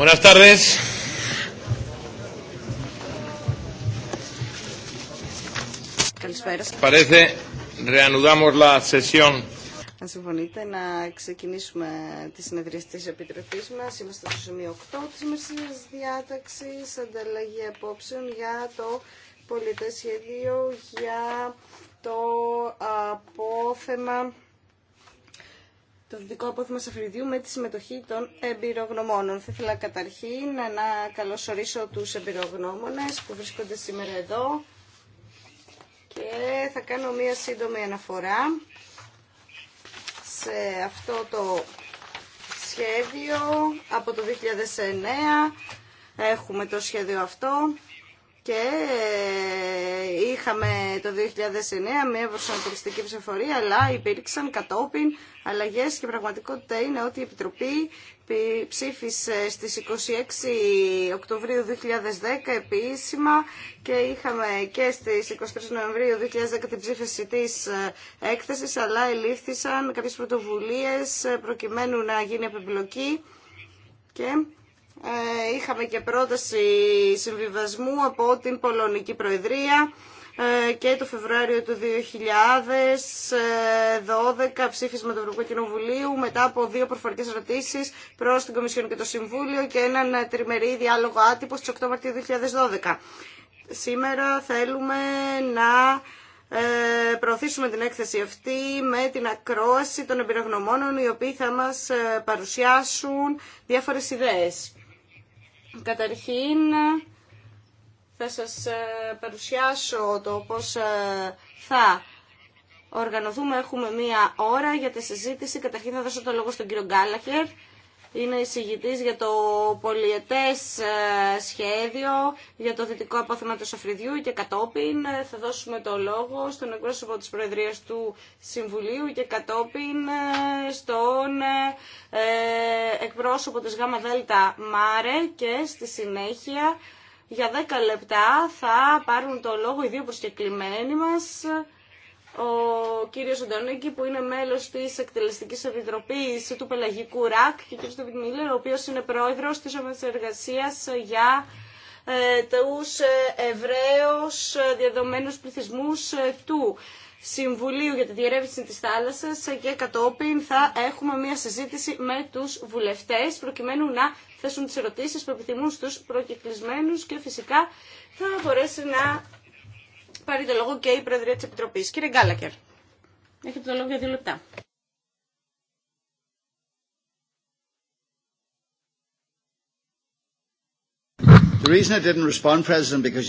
Buenas tardes. Parece reanudamos la sesión. Αν συμφωνείτε να ξεκινήσουμε τη συνεδρία της Επιτροπής μας, είμαστε στο σημείο 8 της μεσημερινής διάταξης, ανταλλαγή απόψεων για το πολιτές σχέδιο για το απόθεμα το δικό απόθυμα σαφριδιού με τη συμμετοχή των εμπειρογνωμόνων. Θα ήθελα καταρχήν να καλωσορίσω τους εμπειρογνώμονες που βρίσκονται σήμερα εδώ και θα κάνω μία σύντομη αναφορά σε αυτό το σχέδιο από το 2009. Έχουμε το σχέδιο αυτό και ε, είχαμε το 2009 μια προσανατολιστική ψηφορία, αλλά υπήρξαν κατόπιν αλλαγές και πραγματικότητα είναι ότι η Επιτροπή ψήφισε στις 26 Οκτωβρίου 2010 επίσημα και είχαμε και στις 23 Νοεμβρίου 2010 την ψήφιση της ε, έκθεσης, αλλά ελήφθησαν κάποιες πρωτοβουλίες ε, προκειμένου να γίνει επιπλοκή και ε, είχαμε και πρόταση συμβιβασμού από την Πολωνική Προεδρία ε, και το Φεβρουάριο του 2012 ψήφισμα του Ευρωπαϊκού Κοινοβουλίου μετά από δύο προφορικές ρωτήσεις προς την Κομισιόν και το Συμβούλιο και έναν τριμερή διάλογο άτυπο στις 8 Μαρτίου 2012. Σήμερα θέλουμε να ε, προωθήσουμε την έκθεση αυτή με την ακρόαση των εμπειρογνωμόνων οι οποίοι θα μας παρουσιάσουν διάφορες ιδέες. Καταρχήν θα σας ε, παρουσιάσω το πώς ε, θα οργανωθούμε. Έχουμε μία ώρα για τη συζήτηση. Καταρχήν θα δώσω το λόγο στον κύριο Γκάλαχερ είναι εισηγητή για το πολιετέ ε, σχέδιο για το δυτικό απόθεμα του Σαφριδιού και κατόπιν ε, θα δώσουμε το λόγο στον εκπρόσωπο της Προεδρία του Συμβουλίου και κατόπιν ε, στον εκπρόσωπο της ΓΑΜΑ ΜΑΡΕ και στη συνέχεια για 10 λεπτά θα πάρουν το λόγο οι δύο προσκεκλημένοι μας ο κύριος Αντωνίκη που είναι μέλος της Εκτελεστικής Επιτροπής του Πελαγικού ΡΑΚ και ο κύριος Μίλλερ, ο οποίος είναι πρόεδρος της Ομάδας Εργασίας για ε, τους Εβραίους ε, διαδομένους πληθυσμούς ε, του Συμβουλίου για τη Διερεύνηση της Θάλασσας ε, και κατόπιν θα έχουμε μια συζήτηση με τους βουλευτές προκειμένου να θέσουν τις ερωτήσεις που επιθυμούν στους προκυκλισμένους και φυσικά θα μπορέσει να πάρει το λόγο και η Προεδρία τη Επιτροπή. Κύριε Γκάλακερ, έχετε το λόγο για δύο λεπτά. The reason I didn't respond, President, because...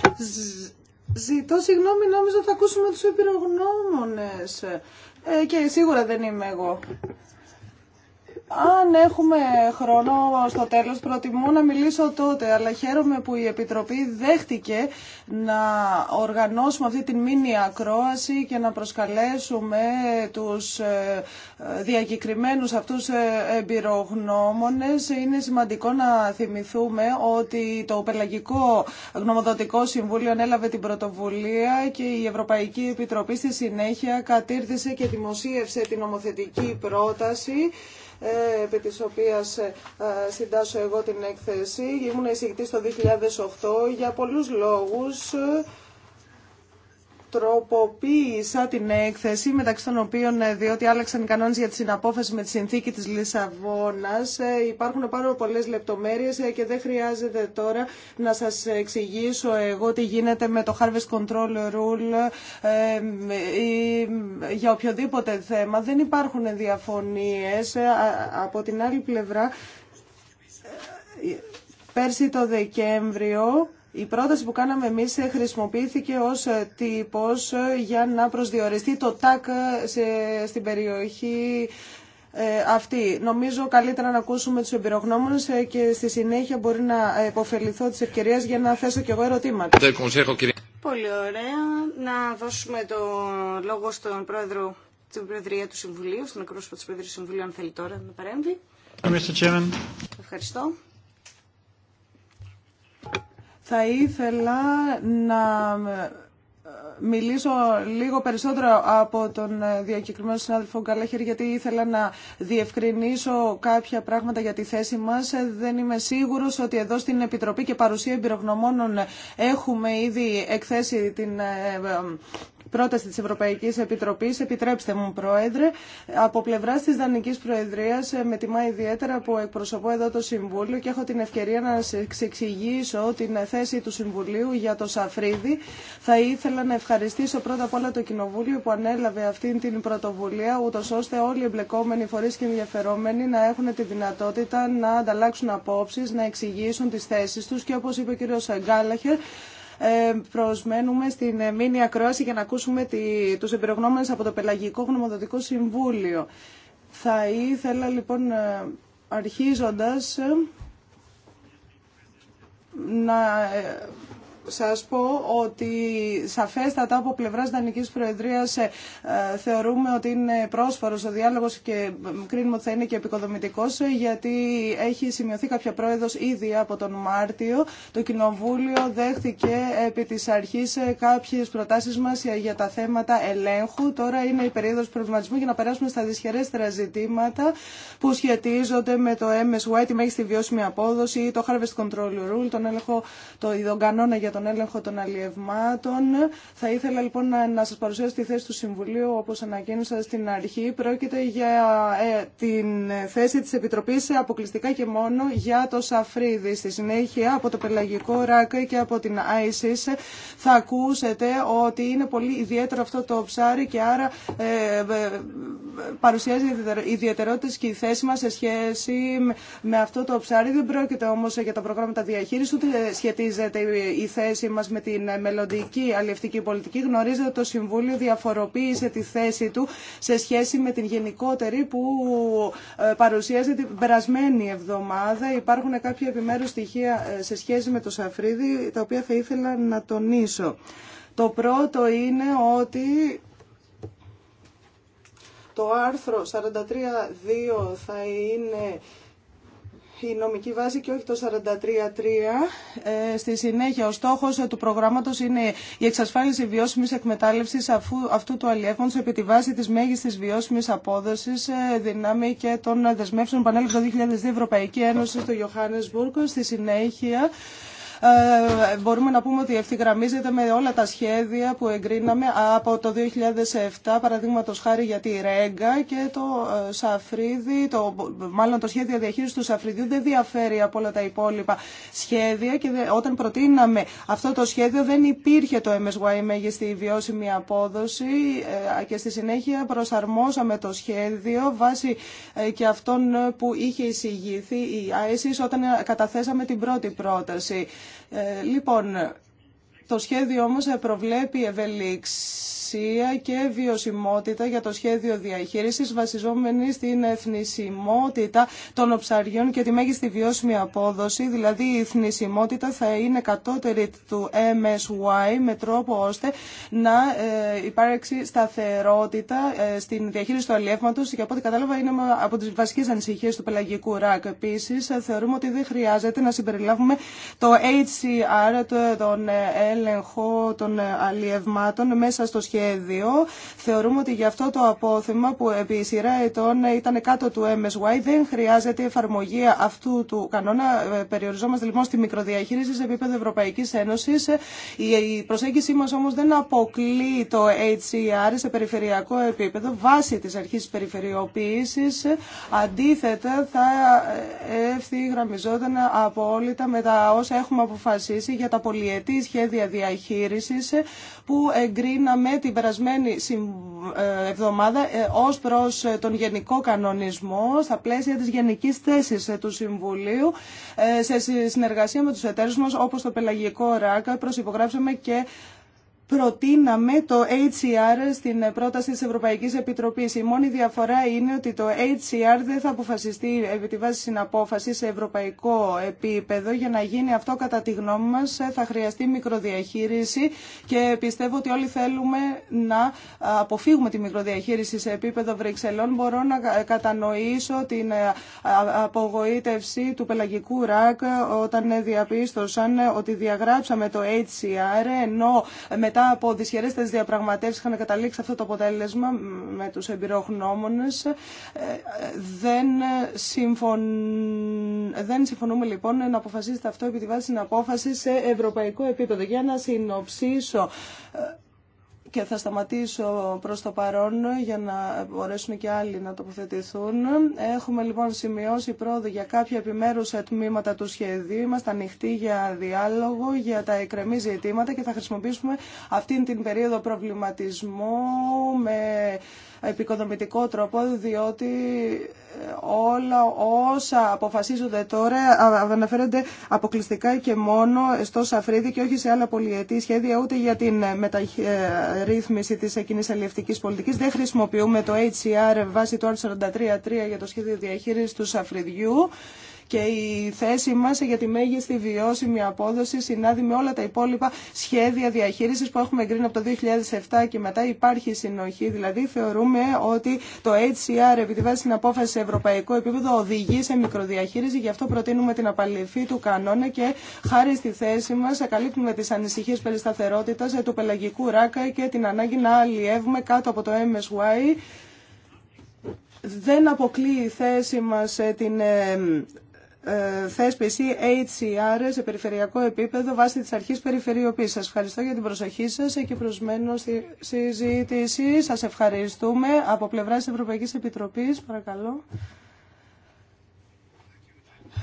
Ζητώ συγγνώμη, νόμιζα θα ακούσουμε τους επιρρογνώμονες. Ε, και σίγουρα δεν είμαι εγώ. Αν έχουμε χρόνο στο τέλος, προτιμώ να μιλήσω τότε, αλλά χαίρομαι που η Επιτροπή δέχτηκε να οργανώσουμε αυτή την μήνυα ακρόαση και να προσκαλέσουμε τους ε, διακεκριμένους αυτούς ε, εμπειρογνώμονες. Είναι σημαντικό να θυμηθούμε ότι το Πελαγικό Γνωμοδοτικό Συμβούλιο ανέλαβε την πρωτοβουλία και η Ευρωπαϊκή Επιτροπή στη συνέχεια κατήρθησε και δημοσίευσε την νομοθετική πρόταση ε, επί της οποίας ε, συντάσσω εγώ την έκθεση. Ήμουν εισηγητής το 2008 για πολλούς λόγους τροποποίησα την έκθεση μεταξύ των οποίων ε, διότι άλλαξαν οι κανόνες για τη συναπόφαση με τη συνθήκη της Λισαβόνας. Ε, υπάρχουν πάρα πολλές λεπτομέρειες ε, και δεν χρειάζεται τώρα να σας εξηγήσω εγώ τι γίνεται με το Harvest Control Rule για οποιοδήποτε θέμα. Δεν υπάρχουν διαφωνίες. Από την άλλη πλευρά, πέρσι το Δεκέμβριο η πρόταση που κάναμε εμεί χρησιμοποιήθηκε ω τύπο για να προσδιοριστεί το ΤΑΚ σε, στην περιοχή ε, αυτή. Νομίζω καλύτερα να ακούσουμε τους εμπειρογνώμονες ε, και στη συνέχεια μπορεί να υποφεληθώ τη ευκαιρία για να θέσω κι εγώ ερωτήματα. Πολύ ωραία. Να δώσουμε το λόγο στον πρόεδρο τη Προεδρία του Συμβουλίου, στον εκπρόσωπο τη Προεδρία του Συμβουλίου, αν θέλει τώρα να παρέμβει. Ευχαριστώ. Θα ήθελα να ε, μιλήσω λίγο περισσότερο από τον ε, διακεκριμένο συνάδελφο Γκαλάχερ γιατί ήθελα να διευκρινίσω κάποια πράγματα για τη θέση μας. Ε, δεν είμαι σίγουρος ότι εδώ στην Επιτροπή και παρουσία εμπειρογνωμόνων έχουμε ήδη εκθέσει την πρόταση της Ευρωπαϊκής Επιτροπής. Επιτρέψτε μου, Πρόεδρε, από πλευρά της Δανικής Προεδρίας ε, με τιμά ιδιαίτερα που εκπροσωπώ εδώ το Συμβούλιο και έχω την ευκαιρία να σας εξηγήσω την θέση του Συμβουλίου για το Σαφρίδι. Θα ήθελα να ευχαριστήσω πρώτα απ' όλα το Κοινοβούλιο που ανέλαβε αυτή την πρωτοβουλία, ούτω ώστε όλοι οι εμπλεκόμενοι φορεί και ενδιαφερόμενοι να έχουν τη δυνατότητα να ανταλλάξουν απόψει, να εξηγήσουν τι θέσει του και όπω είπε ο κ. Γκάλαχερ, ε, προσμένουμε στην Μήνυ ακρόαση για να ακούσουμε τους εμπειρογνώμενες από το Πελαγικό Γνωμοδοτικό Συμβούλιο. Θα ήθελα λοιπόν ε, αρχίζοντας ε, να σας πω ότι σαφέστατα από πλευράς Δανικής Προεδρίας ε, θεωρούμε ότι είναι πρόσφορος ο διάλογος και κρίνουμε ότι θα είναι και επικοδομητικός ε, γιατί έχει σημειωθεί κάποια πρόεδρος ήδη από τον Μάρτιο. Το Κοινοβούλιο δέχθηκε επί της αρχής ε, κάποιες προτάσεις μας για τα θέματα ελέγχου. Τώρα είναι η περίοδος προβληματισμού για να περάσουμε στα δυσχερέστερα ζητήματα που σχετίζονται με το MSY, τη μέγιστη βιώσιμη απόδοση, το Harvest Control Rule, τον έλεγχο, το, τον έλεγχο των αλλιευμάτων. Θα ήθελα λοιπόν να σας παρουσιάσω τη θέση του Συμβουλίου, όπως ανακοίνωσα στην αρχή. Πρόκειται για ε, την θέση της Επιτροπής αποκλειστικά και μόνο για το Σαφρίδη. Στη συνέχεια από το Πελαγικό ΡΑΚ και από την ISIS. θα ακούσετε ότι είναι πολύ ιδιαίτερο αυτό το ψάρι και άρα ε, ε, παρουσιάζει ιδιαιτερότητες και η θέση μας σε σχέση με αυτό το ψάρι. Δεν πρόκειται όμως για τα προγράμματα διαχείρισης, ούτε σχετίζεται η θέση θέση μας με την μελλοντική αλληλευτική πολιτική. Γνωρίζετε ότι το Συμβούλιο διαφοροποίησε τη θέση του σε σχέση με την γενικότερη που ε, παρουσιάζεται την περασμένη εβδομάδα. Υπάρχουν κάποια επιμέρους στοιχεία ε, σε σχέση με το Σαφρίδι, τα οποία θα ήθελα να τονίσω. Το πρώτο είναι ότι το άρθρο 43.2 θα είναι η νομική βάση και όχι το 43.3. Ε, στη συνέχεια, ο στόχος του προγράμματος είναι η εξασφάλιση βιώσιμης εκμετάλλευσης αυτού του αλλιεύματο επί τη βάση της μέγιστης βιώσιμης απόδοσης ε, δυνάμει και των δεσμεύσεων πανέλου το 2002 Ευρωπαϊκή Ένωση στο Ιωάννεσμπουργκ. Στη συνέχεια, ε, μπορούμε να πούμε ότι ευθυγραμμίζεται με όλα τα σχέδια που εγκρίναμε από το 2007, παραδείγματο χάρη για τη Ρέγκα και το ε, Σαφρίδι, το, μάλλον το σχέδιο διαχείρισης του Σαφριδιού δεν διαφέρει από όλα τα υπόλοιπα σχέδια και όταν προτείναμε αυτό το σχέδιο δεν υπήρχε το MSY μέγιστη βιώσιμη απόδοση ε, και στη συνέχεια προσαρμόσαμε το σχέδιο βάσει και αυτών που είχε εισηγηθεί η ISIS όταν καταθέσαμε την πρώτη πρόταση. Ε, λοιπόν, το σχέδιο όμως προβλέπει ευελιξία και βιωσιμότητα για το σχέδιο διαχείρισης βασιζόμενη στην εθνισιμότητα των ψαριών και τη μέγιστη βιώσιμη απόδοση, δηλαδή η εθνισιμότητα θα είναι κατώτερη του MSY με τρόπο ώστε να ε, υπάρξει σταθερότητα ε, στην διαχείριση του αλλιεύματος και από ό,τι κατάλαβα είναι από τις βασικές ανησυχίες του πελαγικού ΡΑΚ. Επίσης θεωρούμε ότι δεν χρειάζεται να συμπεριλάβουμε το HCR, τον ε, έλεγχο των αλλιευμάτων μέσα στο σχέδιο. Θεωρούμε ότι για αυτό το απόθεμα που επί σειρά ετών ήταν κάτω του MSY δεν χρειάζεται εφαρμογή αυτού του κανόνα. Ε, περιοριζόμαστε λοιπόν στη μικροδιαχείριση σε επίπεδο Ευρωπαϊκή Ένωση. Ε, η προσέγγιση μα όμω δεν αποκλεί το HCR σε περιφερειακό επίπεδο βάσει τη αρχή περιφερειοποίηση. Αντίθετα, θα ευθυγραμμιζόταν απόλυτα με τα όσα έχουμε αποφασίσει για τα πολιετή σχέδια σχέδια διαχείρισης ε, που εγκρίναμε την περασμένη ε, εβδομάδα ε, ως προς τον γενικό κανονισμό στα πλαίσια της γενικής θέσης του Συμβουλίου σε συνεργασία με τους εταίρους μας όπως το πελαγικό ράκα προσυπογράψαμε και προτείναμε το HCR στην πρόταση της Ευρωπαϊκής Επιτροπής. Η μόνη διαφορά είναι ότι το HCR δεν θα αποφασιστεί επί τη βάση συναπόφαση σε ευρωπαϊκό επίπεδο. Για να γίνει αυτό, κατά τη γνώμη μας, θα χρειαστεί μικροδιαχείριση και πιστεύω ότι όλοι θέλουμε να αποφύγουμε τη μικροδιαχείριση σε επίπεδο Βρυξελών. Μπορώ να κατανοήσω την απογοήτευση του πελαγικού ΡΑΚ όταν διαπίστωσαν ότι διαγράψαμε το HCR, ενώ μετά από δυσχερέστερε διαπραγματεύσεις είχαν καταλήξει αυτό το αποτέλεσμα με τους εμπειρογνώμονες. Ε, δεν, δεν συμφωνούμε λοιπόν να αποφασίσετε αυτό επί τη βάση στην απόφαση σε ευρωπαϊκό επίπεδο. Για να συνοψίσω, και θα σταματήσω προς το παρόν για να μπορέσουν και άλλοι να τοποθετηθούν. Έχουμε λοιπόν σημειώσει πρόοδο για κάποια επιμέρους τμήματα του σχεδίου. Είμαστε ανοιχτοί για διάλογο, για τα εκρεμή ζητήματα και θα χρησιμοποιήσουμε αυτήν την περίοδο προβληματισμού με επικοδομητικό τρόπο, διότι ε, όλα όσα αποφασίζονται τώρα αναφέρονται αποκλειστικά και μόνο στο Σαφρίδι και όχι σε άλλα πολυετή σχέδια ούτε για την ε, μεταρρύθμιση της ε, κοινή αλληλευτικής πολιτικής. Δεν χρησιμοποιούμε το HCR βάσει του r 3 για το σχέδιο διαχείρισης του Σαφριδιού και η θέση μας για τη μέγιστη βιώσιμη απόδοση συνάδει με όλα τα υπόλοιπα σχέδια διαχείρισης που έχουμε εγκρίνει από το 2007 και μετά υπάρχει συνοχή. Δηλαδή θεωρούμε ότι το HCR επειδή βάζει την απόφαση σε ευρωπαϊκό επίπεδο οδηγεί σε μικροδιαχείριση. Γι' αυτό προτείνουμε την απαλληφή του κανόνα και χάρη στη θέση μας καλύπτουμε τις ανησυχίες περισταθερότητας ε, του πελαγικού ράκα και την ανάγκη να αλλιεύουμε κάτω από το MSY. Δεν αποκλείει η θέση μας ε, την ε, ε, θέσπιση HCR σε περιφερειακό επίπεδο βάσει της αρχής περιφερειοποίησης. Σας ευχαριστώ για την προσοχή σας και προσμένω στη συζήτηση. Σας ευχαριστούμε. Από πλευρά της Ευρωπαϊκής Επιτροπής, παρακαλώ.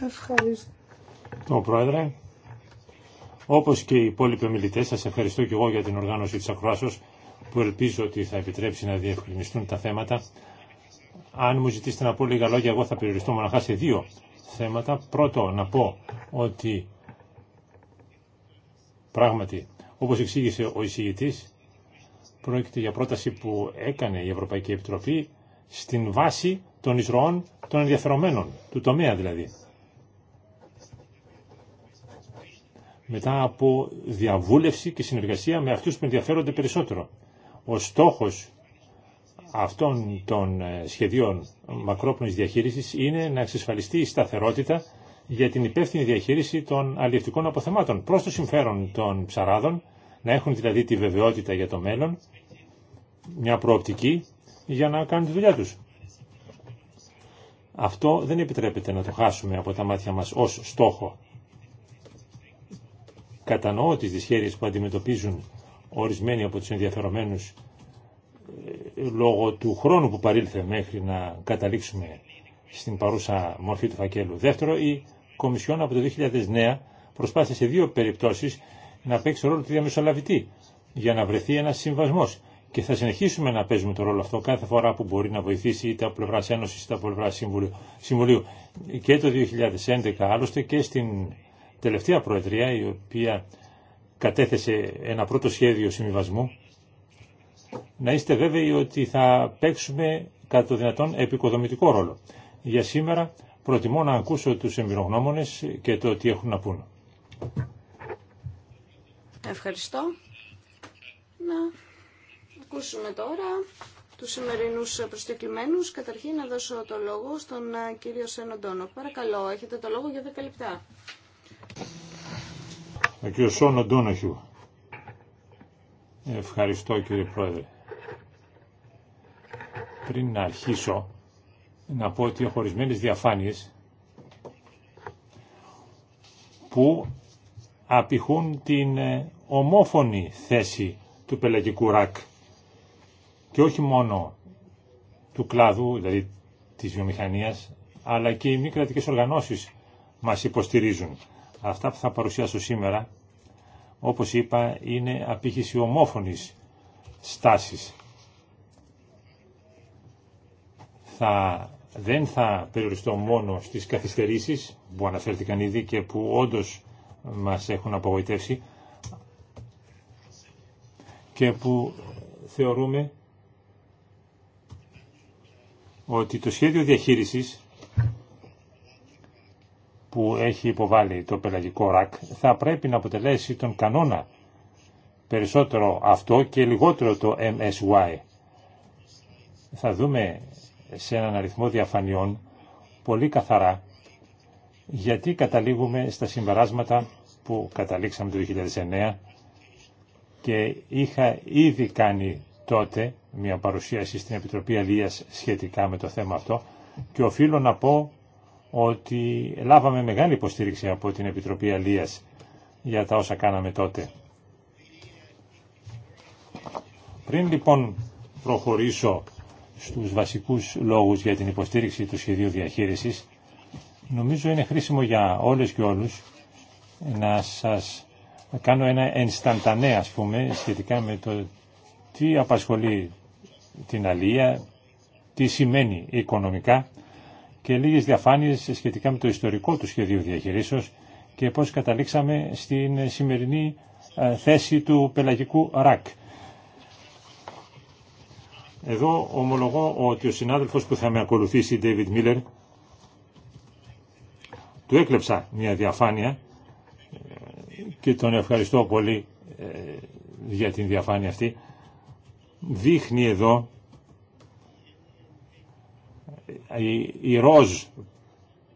Ευχαριστώ. Το Πρόεδρε, όπως και οι υπόλοιποι ομιλητές, σας ευχαριστώ και εγώ για την οργάνωση της ακροάσεως που ελπίζω ότι θα επιτρέψει να διευκρινιστούν τα θέματα. Αν μου ζητήσετε να πω λίγα λόγια, εγώ θα περιοριστώ μοναχά σε δύο θέματα. Πρώτο, να πω ότι πράγματι, όπως εξήγησε ο εισηγητής, πρόκειται για πρόταση που έκανε η Ευρωπαϊκή Επιτροπή στην βάση των εισρωών των ενδιαφερομένων, του τομέα δηλαδή. Μετά από διαβούλευση και συνεργασία με αυτούς που ενδιαφέρονται περισσότερο. Ο στόχος αυτών των ε, σχεδίων μακρόπνοης διαχείρισης είναι να εξασφαλιστεί η σταθερότητα για την υπεύθυνη διαχείριση των αλληλευτικών αποθεμάτων προς το συμφέρον των ψαράδων, να έχουν δηλαδή τη βεβαιότητα για το μέλλον, μια προοπτική για να κάνουν τη δουλειά τους. Αυτό δεν επιτρέπεται να το χάσουμε από τα μάτια μας ως στόχο. Κατανοώ τις δυσχέρειες που αντιμετωπίζουν ορισμένοι από τους ενδιαφερομένους λόγω του χρόνου που παρήλθε μέχρι να καταλήξουμε στην παρούσα μορφή του φακέλου. Δεύτερο, η Κομισιόν από το 2009 προσπάθησε σε δύο περιπτώσεις να παίξει ρόλο του διαμεσολαβητή για να βρεθεί ένας συμβασμός. Και θα συνεχίσουμε να παίζουμε το ρόλο αυτό κάθε φορά που μπορεί να βοηθήσει είτε από πλευρά Ένωση είτε από πλευρά Συμβουλίου. Και το 2011 άλλωστε και στην τελευταία Προεδρία η οποία κατέθεσε ένα πρώτο σχέδιο συμβιβασμού να είστε βέβαιοι ότι θα παίξουμε κατά το δυνατόν επικοδομητικό ρόλο. Για σήμερα προτιμώ να ακούσω τους εμπειρογνώμονες και το τι έχουν να πούν. Ευχαριστώ. Να ακούσουμε τώρα τους σημερινούς προσκεκλημένους. Καταρχήν να δώσω το λόγο στον ε, κύριο Σένοντόνο. Παρακαλώ, έχετε το λόγο για 10 λεπτά. κύριος Ευχαριστώ κύριε Πρόεδρε. Πριν να αρχίσω, να πω ότι έχω ορισμένε διαφάνειες που απηχούν την ε, ομόφωνη θέση του πελαγικού ρακ και όχι μόνο του κλάδου, δηλαδή της βιομηχανίας, αλλά και οι μη κρατικές οργανώσεις μας υποστηρίζουν. Αυτά που θα παρουσιάσω σήμερα όπως είπα, είναι απήχηση ομόφωνης στάσης. Θα, δεν θα περιοριστώ μόνο στις καθυστερήσεις που αναφέρθηκαν ήδη και που όντως μας έχουν απογοητεύσει και που θεωρούμε ότι το σχέδιο διαχείρισης που έχει υποβάλει το πελαγικό ΡΑΚ θα πρέπει να αποτελέσει τον κανόνα περισσότερο αυτό και λιγότερο το MSY. Θα δούμε σε έναν αριθμό διαφανειών πολύ καθαρά γιατί καταλήγουμε στα συμπεράσματα που καταλήξαμε το 2009 και είχα ήδη κάνει τότε μια παρουσίαση στην Επιτροπή Αλίας σχετικά με το θέμα αυτό και οφείλω να πω ότι λάβαμε μεγάλη υποστήριξη από την Επιτροπή Αλίας για τα όσα κάναμε τότε. Πριν λοιπόν προχωρήσω στους βασικούς λόγους για την υποστήριξη του σχεδίου διαχείρισης, νομίζω είναι χρήσιμο για όλες και όλους να σας κάνω ένα ενσταντανέ ας πούμε σχετικά με το τι απασχολεί την αλία, τι σημαίνει οικονομικά και λίγες διαφάνειες σχετικά με το ιστορικό του σχεδίου διαχειρίσεως και πώς καταλήξαμε στην σημερινή ε, θέση του πελαγικού ΡΑΚ. Εδώ ομολογώ ότι ο συνάδελφος που θα με ακολουθήσει, David Miller, του έκλεψα μια διαφάνεια ε, και τον ευχαριστώ πολύ ε, για την διαφάνεια αυτή. Δείχνει εδώ ε, οι ροζ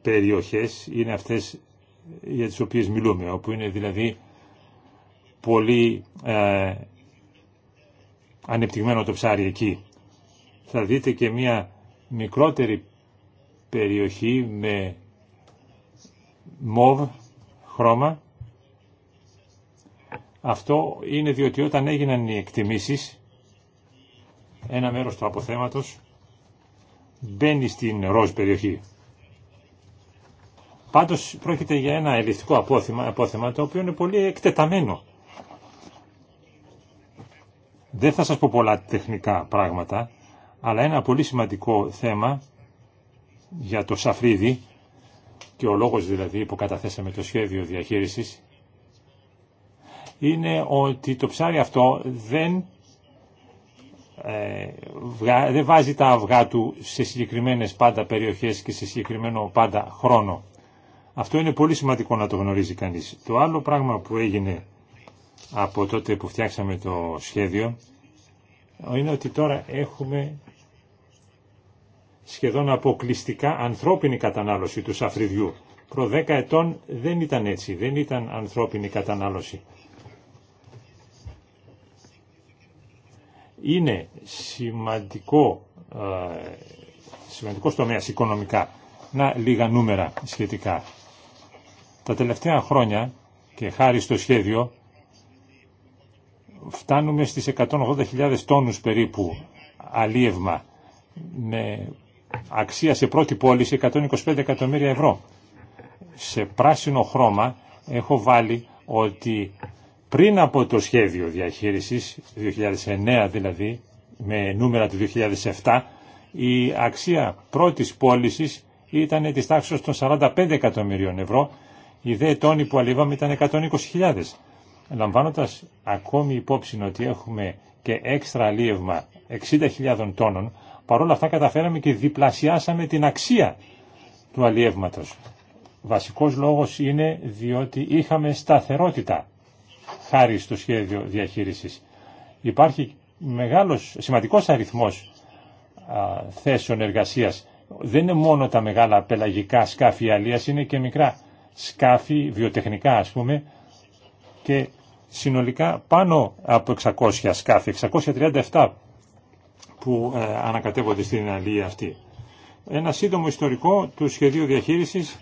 περιοχές είναι αυτές για τις οποίες μιλούμε, όπου είναι δηλαδή πολύ ε, ανεπτυγμένο το ψάρι εκεί. Θα δείτε και μια μικρότερη περιοχή με μοβ χρώμα. Αυτό είναι διότι όταν έγιναν οι εκτιμήσεις, ένα μέρος του αποθέματος μπαίνει στην ροζ περιοχή. Πάντως πρόκειται για ένα ελιστικό απόθεμα, απόθεμα το οποίο είναι πολύ εκτεταμένο. Δεν θα σας πω πολλά τεχνικά πράγματα, αλλά ένα πολύ σημαντικό θέμα για το σαφρίδι και ο λόγος δηλαδή που καταθέσαμε το σχέδιο διαχείρισης είναι ότι το ψάρι αυτό δεν ε, δεν βάζει τα αυγά του σε συγκεκριμένες πάντα περιοχές και σε συγκεκριμένο πάντα χρόνο. Αυτό είναι πολύ σημαντικό να το γνωρίζει κανείς. Το άλλο πράγμα που έγινε από τότε που φτιάξαμε το σχέδιο είναι ότι τώρα έχουμε σχεδόν αποκλειστικά ανθρώπινη κατανάλωση του σαφριδιού. Προ 10 ετών δεν ήταν έτσι, δεν ήταν ανθρώπινη κατανάλωση. είναι σημαντικό, ε, σημαντικός τομέας οικονομικά. Να λίγα νούμερα σχετικά. Τα τελευταία χρόνια και χάρη στο σχέδιο φτάνουμε στις 180.000 τόνους περίπου αλίευμα με αξία σε πρώτη πόλη σε 125 εκατομμύρια ευρώ. Σε πράσινο χρώμα έχω βάλει ότι πριν από το σχέδιο διαχείρισης, 2009 δηλαδή, με νούμερα του 2007, η αξία πρώτης πώληση ήταν της τάξης των 45 εκατομμυρίων ευρώ, η δε τόνη που αλήβαμε ήταν 120.000. Λαμβάνοντας ακόμη υπόψη ότι έχουμε και έξτρα αλίευμα 60.000 τόνων, παρόλα αυτά καταφέραμε και διπλασιάσαμε την αξία του αλίευματος. Βασικός λόγος είναι διότι είχαμε σταθερότητα χάρη στο σχέδιο διαχείρισης. Υπάρχει μεγάλος, σημαντικός αριθμός θέσεων εργασίας. Δεν είναι μόνο τα μεγάλα πελαγικά σκάφη αλίας, είναι και μικρά σκάφη, βιοτεχνικά ας πούμε, και συνολικά πάνω από 600 σκάφη, 637 που ε, ανακατεύονται στην αλία αυτή. Ένα σύντομο ιστορικό του σχεδίου διαχείρισης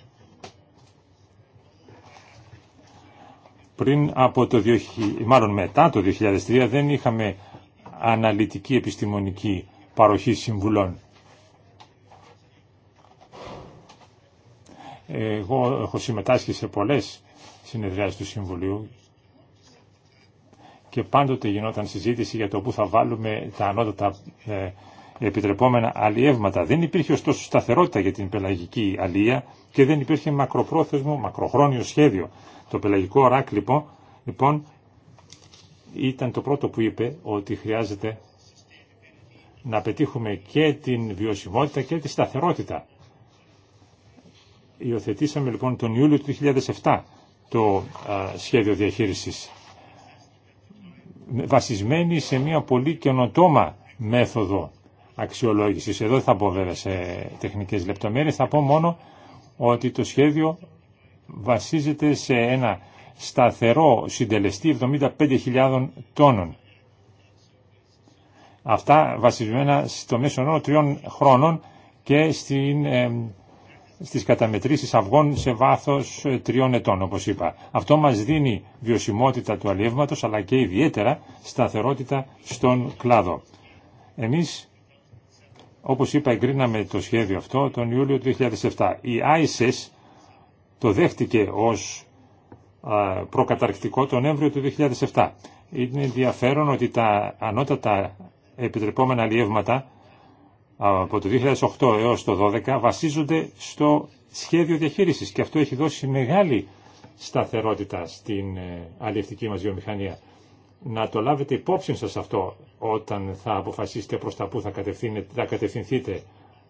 Πριν από το, μάλλον μετά το 2003 δεν είχαμε αναλυτική επιστημονική παροχή συμβουλών. Εγώ έχω συμμετάσχει σε πολλές συνεδριάσεις του Συμβουλίου και πάντοτε γινόταν συζήτηση για το πού θα βάλουμε τα ανώτατα ε, επιτρεπόμενα αλλιεύματα. Δεν υπήρχε ωστόσο σταθερότητα για την πελαγική αλλία και δεν υπήρχε μακροπρόθεσμο, μακροχρόνιο σχέδιο. Το πελαγικό ΡΑΚ λοιπόν, λοιπόν, ήταν το πρώτο που είπε ότι χρειάζεται να πετύχουμε και την βιωσιμότητα και τη σταθερότητα. Υιοθετήσαμε λοιπόν τον Ιούλιο του 2007 το σχέδιο διαχείρισης βασισμένη σε μια πολύ καινοτόμα μέθοδο αξιολόγησης. Εδώ θα πω βέβαια σε τεχνικές λεπτομέρειες, θα πω μόνο ότι το σχέδιο βασίζεται σε ένα σταθερό συντελεστή 75.000 τόνων. Αυτά βασισμένα στο μέσο όρο τριών χρόνων και στην, ε, στις καταμετρήσεις αυγών σε βάθος ε, τριών ετών, όπως είπα. Αυτό μας δίνει βιωσιμότητα του αλλιεύματος, αλλά και ιδιαίτερα σταθερότητα στον κλάδο. Εμείς, όπως είπα, εγκρίναμε το σχέδιο αυτό τον Ιούλιο του 2007. Η ISIS το δέχτηκε ως προκαταρκτικό τον Νοέμβριο του 2007. Είναι ενδιαφέρον ότι τα ανώτατα επιτρεπόμενα αλλιεύματα από το 2008 έως το 2012 βασίζονται στο σχέδιο διαχείρισης και αυτό έχει δώσει μεγάλη σταθερότητα στην ε, αλλιευτική μας βιομηχανία. Να το λάβετε υπόψη σας αυτό όταν θα αποφασίσετε προς τα που θα, θα κατευθυνθείτε,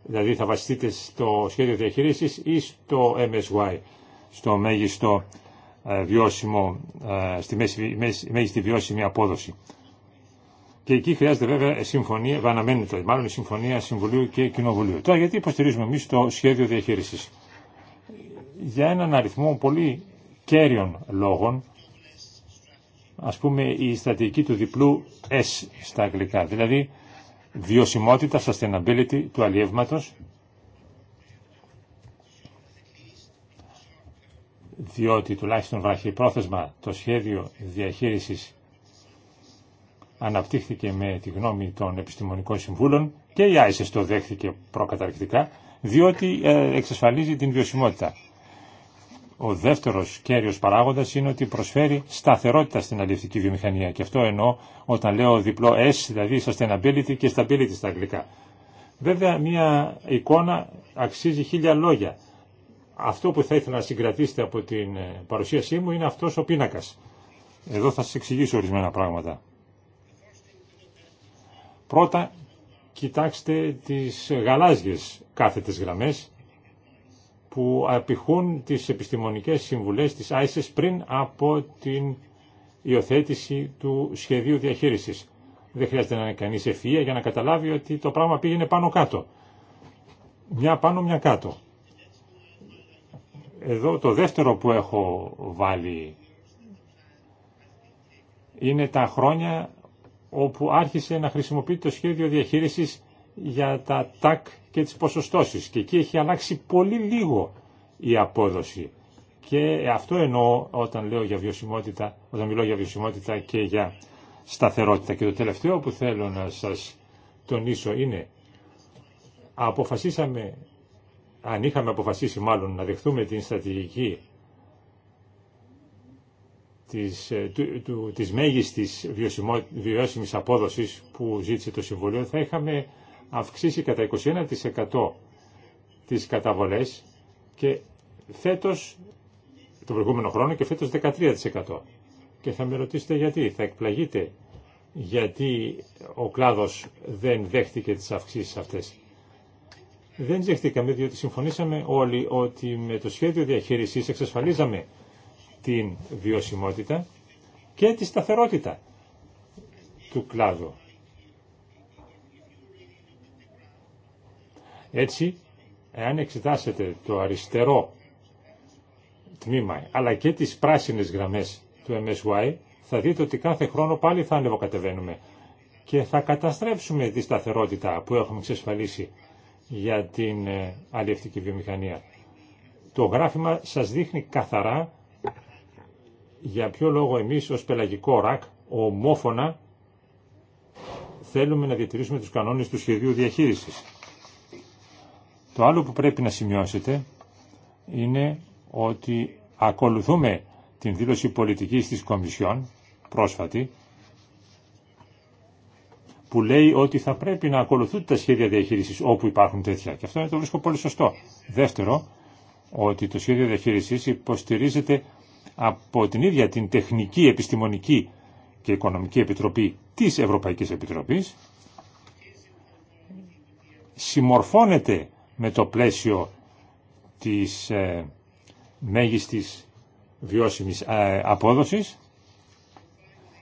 δηλαδή θα βασιστείτε στο σχέδιο διαχείρισης ή στο MSY στο μέγιστο ε, βιώσιμο, ε, στη μέση, μέγιστη βιώσιμη απόδοση. Και εκεί χρειάζεται βέβαια συμφωνία, το μάλλον η συμφωνία Συμβουλίου και Κοινοβουλίου. Τώρα γιατί υποστηρίζουμε εμεί το σχέδιο διαχείριση. Για έναν αριθμό πολύ κέριων λόγων, ας πούμε η στρατηγική του διπλού S στα αγγλικά, δηλαδή βιωσιμότητα, sustainability του αλλιεύματος, διότι τουλάχιστον βραχυπρόθεσμα το σχέδιο διαχείρισης αναπτύχθηκε με τη γνώμη των επιστημονικών συμβούλων και η ΆΙΣΕΣ το δέχθηκε προκαταρκτικά, διότι ε, εξασφαλίζει την βιωσιμότητα. Ο δεύτερος κέριος παράγοντας είναι ότι προσφέρει σταθερότητα στην αλληλευτική βιομηχανία και αυτό εννοώ όταν λέω διπλό S, δηλαδή sustainability και stability στα αγγλικά. Βέβαια μια εικόνα αξίζει χίλια λόγια αυτό που θα ήθελα να συγκρατήσετε από την ε, παρουσίασή μου είναι αυτός ο πίνακας. Εδώ θα σας εξηγήσω ορισμένα πράγματα. Πρώτα, κοιτάξτε τις γαλάζιες κάθετες γραμμές που απηχούν τις επιστημονικές συμβουλές της ISIS πριν από την υιοθέτηση του σχεδίου διαχείρισης. Δεν χρειάζεται να είναι κανείς ευφυΐα για να καταλάβει ότι το πράγμα πήγαινε πάνω κάτω. Μια πάνω, μια κάτω. Εδώ το δεύτερο που έχω βάλει είναι τα χρόνια όπου άρχισε να χρησιμοποιείται το σχέδιο διαχείρισης για τα τάκ και τις ποσοστώσεις και εκεί έχει αλλάξει πολύ λίγο η απόδοση και αυτό εννοώ όταν, λέω για βιωσιμότητα, όταν μιλώ για βιωσιμότητα και για σταθερότητα και το τελευταίο που θέλω να σας τονίσω είναι αποφασίσαμε αν είχαμε αποφασίσει μάλλον να δεχτούμε την στρατηγική της, ε, του, του, της μέγιστης βιωσιμο, βιώσιμης απόδοσης που ζήτησε το Συμβουλίο, θα είχαμε αυξήσει κατά 21% τις καταβολές και φέτος, τον προηγούμενο χρόνο και φέτος 13%. Και θα με ρωτήσετε γιατί, θα εκπλαγείτε γιατί ο κλάδος δεν δέχτηκε τις αυξήσεις αυτές δεν ζεχτήκαμε, διότι συμφωνήσαμε όλοι ότι με το σχέδιο διαχείρισης εξασφαλίζαμε την βιωσιμότητα και τη σταθερότητα του κλάδου. Έτσι, εάν εξετάσετε το αριστερό τμήμα, αλλά και τις πράσινες γραμμές του MSY, θα δείτε ότι κάθε χρόνο πάλι θα ανεβοκατεβαίνουμε και θα καταστρέψουμε τη σταθερότητα που έχουμε εξασφαλίσει για την ε, αλληλευτική βιομηχανία. Το γράφημα σας δείχνει καθαρά για ποιο λόγο εμείς ως πελαγικό ρακ ομόφωνα θέλουμε να διατηρήσουμε τους κανόνες του σχεδίου διαχείρισης. Το άλλο που πρέπει να σημειώσετε είναι ότι ακολουθούμε την δήλωση πολιτικής της Κομισιόν πρόσφατη που λέει ότι θα πρέπει να ακολουθούν τα σχέδια διαχείρισης όπου υπάρχουν τέτοια. Και αυτό είναι το βρίσκω πολύ σωστό. Δεύτερο, ότι το σχέδιο διαχείρισης υποστηρίζεται από την ίδια την τεχνική, επιστημονική και οικονομική επιτροπή της Ευρωπαϊκής Επιτροπής, συμμορφώνεται με το πλαίσιο της ε, μέγιστης βιώσιμης ε, απόδοσης,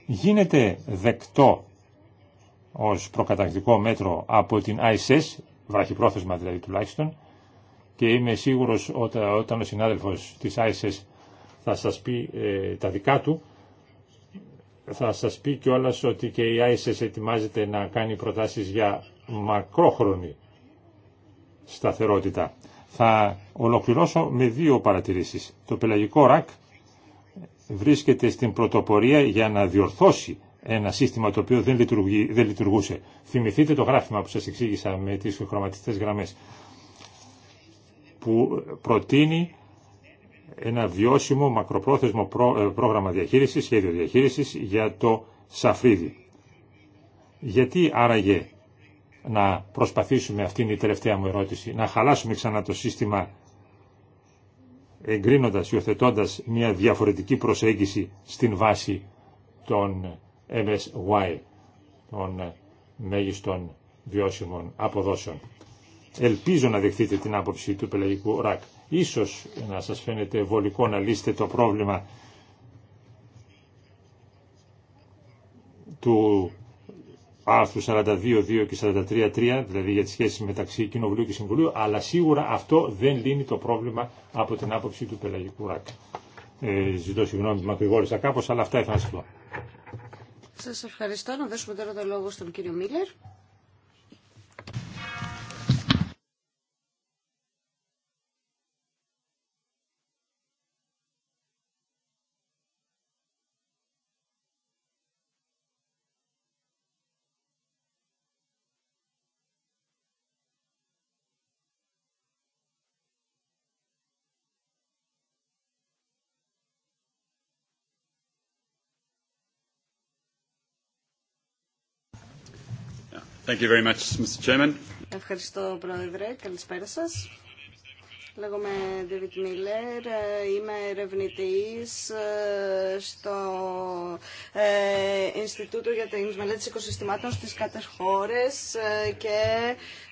γίνεται δεκτό ως προκατακτικό μέτρο από την ISS, βραχυπρόθεσμα δηλαδή τουλάχιστον, και είμαι σίγουρος όταν, όταν ο συνάδελφος της ISS θα σας πει ε, τα δικά του, θα σας πει κιόλας ότι και η ISS ετοιμάζεται να κάνει προτάσεις για μακρόχρονη σταθερότητα. Θα ολοκληρώσω με δύο παρατηρήσεις. Το πελαγικό ΡΑΚ βρίσκεται στην πρωτοπορία για να διορθώσει ένα σύστημα το οποίο δεν, δεν λειτουργούσε. Θυμηθείτε το γράφημα που σας εξήγησα με τις χρωματιστές γραμμές που προτείνει ένα βιώσιμο μακροπρόθεσμο ε, πρόγραμμα διαχείρισης, σχέδιο διαχείρισης για το Σαφρίδι. Γιατί άραγε να προσπαθήσουμε, αυτή είναι η τελευταία μου ερώτηση, να χαλάσουμε ξανά το σύστημα εγκρίνοντας, υιοθετώντα μια διαφορετική προσέγγιση στην βάση των MSY των ε, μέγιστων βιώσιμων αποδόσεων. Ελπίζω να δεχτείτε την άποψη του πελαγικού ΡΑΚ. Ίσως να σας φαίνεται βολικό να λύσετε το πρόβλημα του άρθρου 42.2 και 43.3, δηλαδή για τις σχέσεις μεταξύ Κοινοβουλίου και Συμβουλίου, αλλά σίγουρα αυτό δεν λύνει το πρόβλημα από την άποψη του πελαγικού ΡΑΚ. Ε, ζητώ συγγνώμη, μακρηγόρησα κάπως, αλλά αυτά ήθελα να σας πω. Σας ευχαριστώ. Να δώσουμε τώρα το λόγο στον κύριο Μίλλερ. Ευχαριστώ, Πρόεδρε. Καλησπέρα σα. Λέγομαι David Miller, ε, είμαι ερευνητή ε, στο ε, Ινστιτούτο για τι Μελέτε Οικοσυστημάτων στι κάτω χώρες και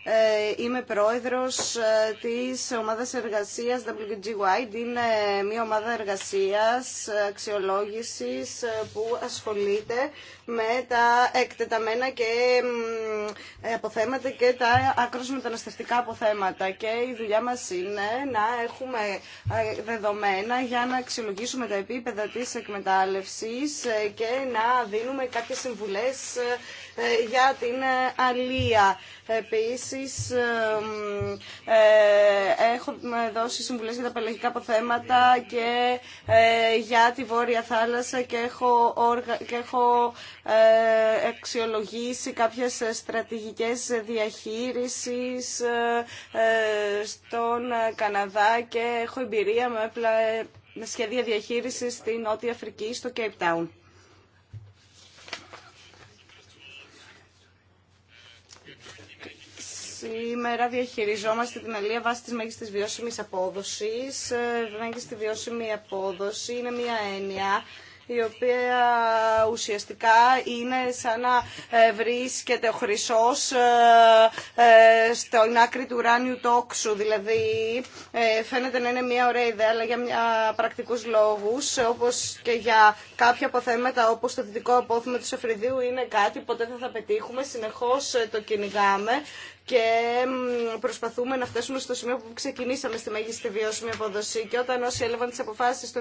ε, είμαι πρόεδρος ε, της ομάδας εργασίας WGY. Είναι μια ομάδα εργασίας ε, αξιολόγησης που ασχολείται με τα εκτεταμένα και αποθέματα και τα άκρως μεταναστευτικά αποθέματα. Και η δουλειά μας είναι να έχουμε δεδομένα για να αξιολογήσουμε τα επίπεδα της εκμετάλλευσης και να δίνουμε κάποιες συμβουλές ε, για την ε, αλία. Επίσης, ε, έχω δώσει συμβουλές για τα πελαγικά αποθέματα και για τη Βόρεια Θάλασσα και έχω, και έχω αξιολογήσει κάποιες στρατηγικές διαχείρισης στον Καναδά και έχω εμπειρία με, με σχέδια διαχείρισης στην Νότια Αφρική, στο Cape Town. Σήμερα διαχειριζόμαστε την αλία βάσει της μέγιστης βιώσιμης απόδοσης. Η ε, μέγιστη βιώσιμη απόδοση είναι μια έννοια η οποία ουσιαστικά είναι σαν να ε, βρίσκεται ο χρυσός ε, στην άκρη του ουράνιου τόξου. Δηλαδή φαίνεται να είναι μια ωραία ιδέα, αλλά για μια, πρακτικούς λόγους, όπως και για κάποια αποθέματα, όπως το δυτικό απόθυμα του Σεφριδίου, είναι κάτι που ποτέ δεν θα πετύχουμε, συνεχώς το κυνηγάμε και προσπαθούμε να φτάσουμε στο σημείο που ξεκινήσαμε στη μέγιστη βιώσιμη αποδοσή. Και όταν όσοι έλαβαν τι αποφάσει το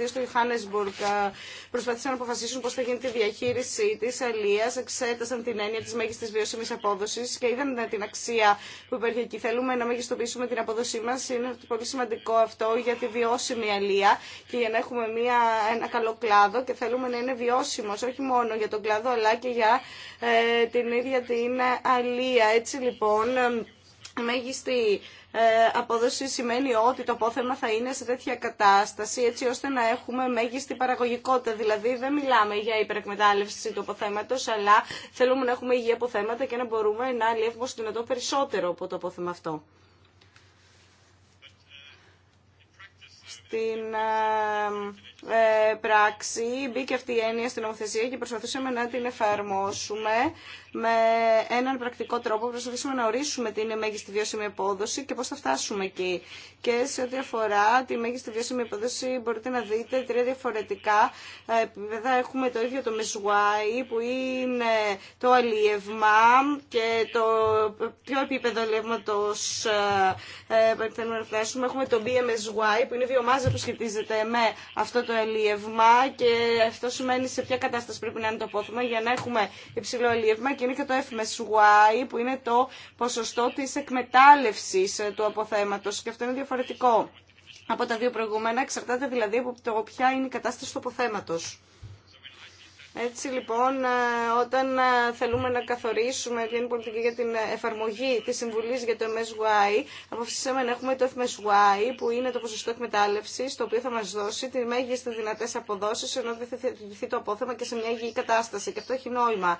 2002 στο Ιωάννεσμπουργκ προσπαθήσαν να αποφασίσουν πώ θα γίνει τη διαχείριση τη αλεία, εξέτασαν την έννοια τη μέγιστη βιώσιμη απόδοση και είδαν την αξία που υπάρχει εκεί. Θέλουμε να μεγιστοποιήσουμε την απόδοσή μα. Είναι πολύ σημαντικό αυτό για τη βιώσιμη αλεία και για να έχουμε μια, ένα καλό κλάδο και θέλουμε να είναι βιώσιμο όχι μόνο για τον κλάδο αλλά και για ε, την ίδια την αλεία. Έτσι λοιπόν λοιπόν μέγιστη ε, απόδοση σημαίνει ότι το απόθεμα θα είναι σε τέτοια κατάσταση έτσι ώστε να έχουμε μέγιστη παραγωγικότητα. Δηλαδή δεν μιλάμε για υπερεκμετάλλευση του αποθέματος αλλά θέλουμε να έχουμε υγεία αποθέματα και να μπορούμε να αλλιεύουμε στο δυνατόν περισσότερο από το απόθεμα αυτό. Στην ε, ε, πράξη μπήκε αυτή η έννοια στην νομοθεσία και προσπαθήσαμε να την εφαρμόσουμε με έναν πρακτικό τρόπο. Προσπαθήσαμε να ορίσουμε τι είναι μέγιστη βιώσιμη απόδοση και πώς θα φτάσουμε εκεί. Και σε ό,τι αφορά τη μέγιστη βιώσιμη απόδοση μπορείτε να δείτε τρία διαφορετικά επίπεδα. Έχουμε το ίδιο το μεσουάι που είναι το αλλιευμά και το πιο επίπεδο αλλιεύματος ε, ε, που θέλουμε να φτάσουμε. Έχουμε το BMSY που είναι βιομάζα που σχετίζεται με αυτό το ελίευμα και αυτό σημαίνει σε ποια κατάσταση πρέπει να είναι το για να έχουμε υψηλό ελίευμα και είναι και το FMSY που είναι το ποσοστό της εκμετάλλευσης του αποθέματος και αυτό είναι διαφορετικό από τα δύο προηγούμενα, εξαρτάται δηλαδή από το ποια είναι η κατάσταση του αποθέματος. Έτσι λοιπόν, ε, όταν ε, θέλουμε να καθορίσουμε την πολιτική για την εφαρμογή τη Συμβουλή για το MSY, αποφασίσαμε να έχουμε το FMSY, που είναι το ποσοστό εκμετάλλευση, το οποίο θα μα δώσει τη μέγιστη δυνατέ αποδόσει, ενώ δεν θα το απόθεμα και σε μια υγιή κατάσταση. Και αυτό έχει νόημα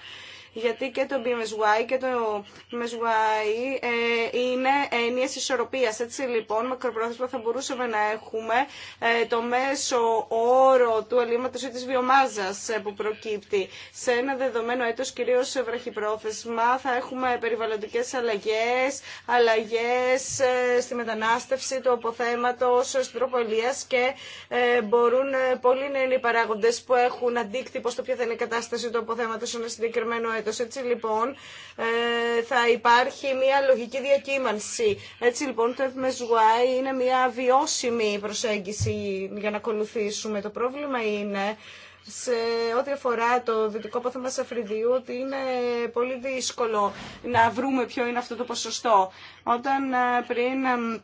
γιατί και το BMSY και το BMSY ε, είναι έννοιες ισορροπίας. Έτσι λοιπόν, μακροπρόθεσμα θα μπορούσαμε να έχουμε ε, το μέσο όρο του ελλείμματος ή της βιομάζας ε, που προκύπτει. Σε ένα δεδομένο έτος, κυρίως σε βραχυπρόθεσμα, θα έχουμε περιβαλλοντικές αλλαγές, αλλαγές στη μετανάστευση του αποθέματος, στην τροπολία και μπορούν πολλοί να είναι οι παράγοντες που έχουν αντίκτυπο στο ποια θα είναι η κατάσταση του αποθέματος σε ένα συγκεκριμένο έτος. Έτσι λοιπόν ε, θα υπάρχει μια λογική διακύμανση. Έτσι λοιπόν το FMSY είναι μια βιώσιμη προσέγγιση για να ακολουθήσουμε. Το πρόβλημα είναι σε ό,τι αφορά το δυτικό πόθεμα σαφριδίου ότι είναι πολύ δύσκολο να βρούμε ποιο είναι αυτό το ποσοστό. Όταν ε, πριν ε,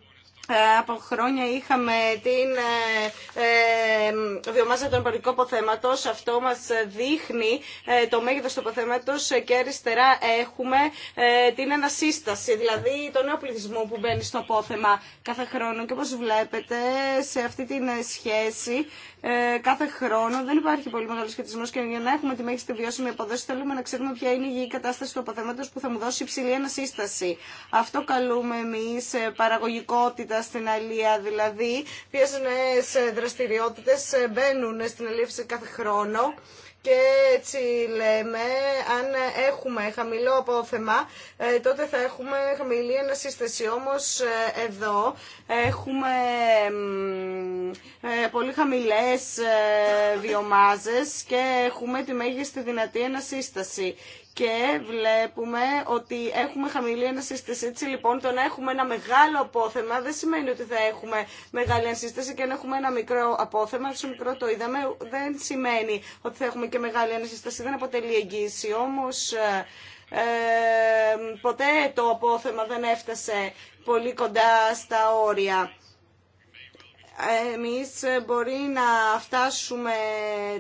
ε, από χρόνια είχαμε την ε, ε, βιομάζα των εμπορικών ποθέματος. Αυτό μας δείχνει το μέγεθος του ποθέματος και αριστερά έχουμε την ανασύσταση, δηλαδή τον νέο πληθυσμό που μπαίνει στο απόθεμα κάθε χρόνο. Και όπως βλέπετε σε αυτή την σχέση κάθε χρόνο δεν υπάρχει πολύ μεγάλο σχετισμό και για να έχουμε τη μέγιστη βιώσιμη αποδόση θέλουμε να ξέρουμε ποια είναι η κατάσταση του αποθέματος που θα μου δώσει υψηλή ανασύσταση. Αυτό καλούμε εμείς παραγωγικότητα στην αλία, δηλαδή ποιε νέε δραστηριότητες μπαίνουν στην αλήψη κάθε χρόνο. Και έτσι λέμε, αν έχουμε χαμηλό απόθεμα, ε, τότε θα έχουμε χαμηλή ανασύσταση. Όμως ε, εδώ έχουμε ε, πολύ χαμηλές βιομάζες και έχουμε τη μέγιστη δυνατή ανασύσταση και βλέπουμε ότι έχουμε χαμηλή ανασύσταση. Έτσι λοιπόν το να έχουμε ένα μεγάλο απόθεμα δεν σημαίνει ότι θα έχουμε μεγάλη ανασύσταση και να έχουμε ένα μικρό απόθεμα, όσο μικρό το είδαμε, δεν σημαίνει ότι θα έχουμε και μεγάλη ανασύσταση. Δεν αποτελεί εγγύηση. Όμως ε, ε, ποτέ το απόθεμα δεν έφτασε πολύ κοντά στα όρια εμείς ε, μπορεί να φτάσουμε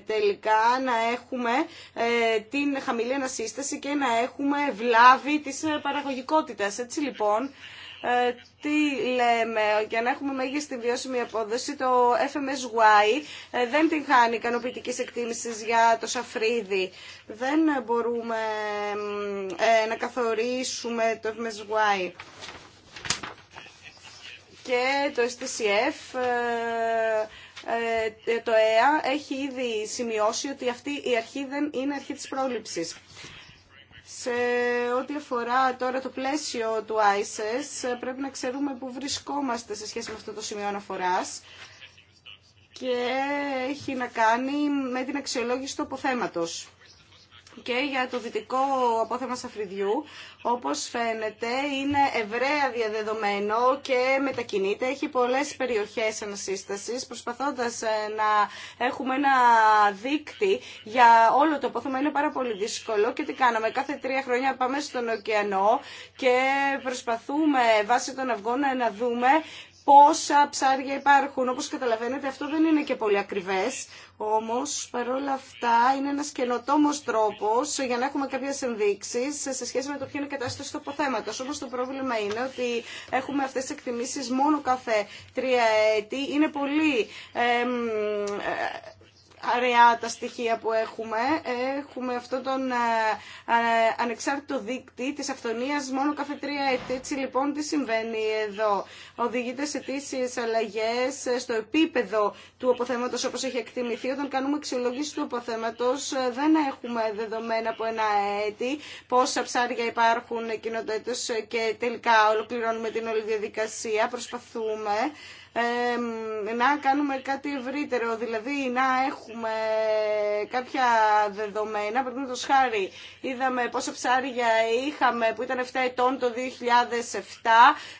τελικά να έχουμε ε, την χαμηλή ανασύσταση και να έχουμε βλάβη της ε, παραγωγικότητας. Έτσι λοιπόν, τι λέμε, για να έχουμε μέγιστη βιώσιμη απόδοση, το FMSY δεν την χάνει ικανοποιητική εκτίμηση για το σαφρίδι. Δεν μπορούμε να καθορίσουμε το FMSY και το STCF, ε, ε, το ΕΑ έχει ήδη σημειώσει ότι αυτή η αρχή δεν είναι αρχή της πρόληψης. Σε ό,τι αφορά τώρα το πλαίσιο του ISIS, ε, πρέπει να ξέρουμε πού βρισκόμαστε σε σχέση με αυτό το σημείο αναφοράς και έχει να κάνει με την αξιολόγηση του αποθέματος και για το δυτικό απόθεμα Σαφριδιού. Όπως φαίνεται είναι ευρέα διαδεδομένο και μετακινείται. Έχει πολλές περιοχές ανασύστασης προσπαθώντας ε, να έχουμε ένα δίκτυ για όλο το απόθεμα. Είναι πάρα πολύ δύσκολο και τι κάναμε. Κάθε τρία χρόνια πάμε στον ωκεανό και προσπαθούμε βάσει των αυγών να δούμε πόσα ψάρια υπάρχουν. Όπως καταλαβαίνετε αυτό δεν είναι και πολύ ακριβές, όμως παρόλα αυτά είναι ένας καινοτόμος τρόπος για να έχουμε κάποιες ενδείξεις σε σχέση με το ποιο είναι η κατάσταση του αποθέματος. Όμως το πρόβλημα είναι ότι έχουμε αυτές τις εκτιμήσεις μόνο κάθε τρία έτη. Είναι πολύ αραιά τα στοιχεία που έχουμε. Έχουμε αυτό τον ε, ε, ανεξάρτητο δίκτυ της αυθονίας μόνο κάθε τρία έτη. Έτσι λοιπόν τι συμβαίνει εδώ. Οδηγείται σε τήσεις αλλαγέ ε, στο επίπεδο του αποθέματος όπως έχει εκτιμηθεί. Όταν κάνουμε αξιολόγηση του αποθέματος δεν έχουμε δεδομένα από ένα έτη πόσα ψάρια υπάρχουν έτος και τελικά ολοκληρώνουμε την όλη διαδικασία. Προσπαθούμε να κάνουμε κάτι ευρύτερο, δηλαδή να έχουμε κάποια δεδομένα. Παραδείγματο χάρη, είδαμε πόσα ψάρια είχαμε που ήταν 7 ετών το 2007,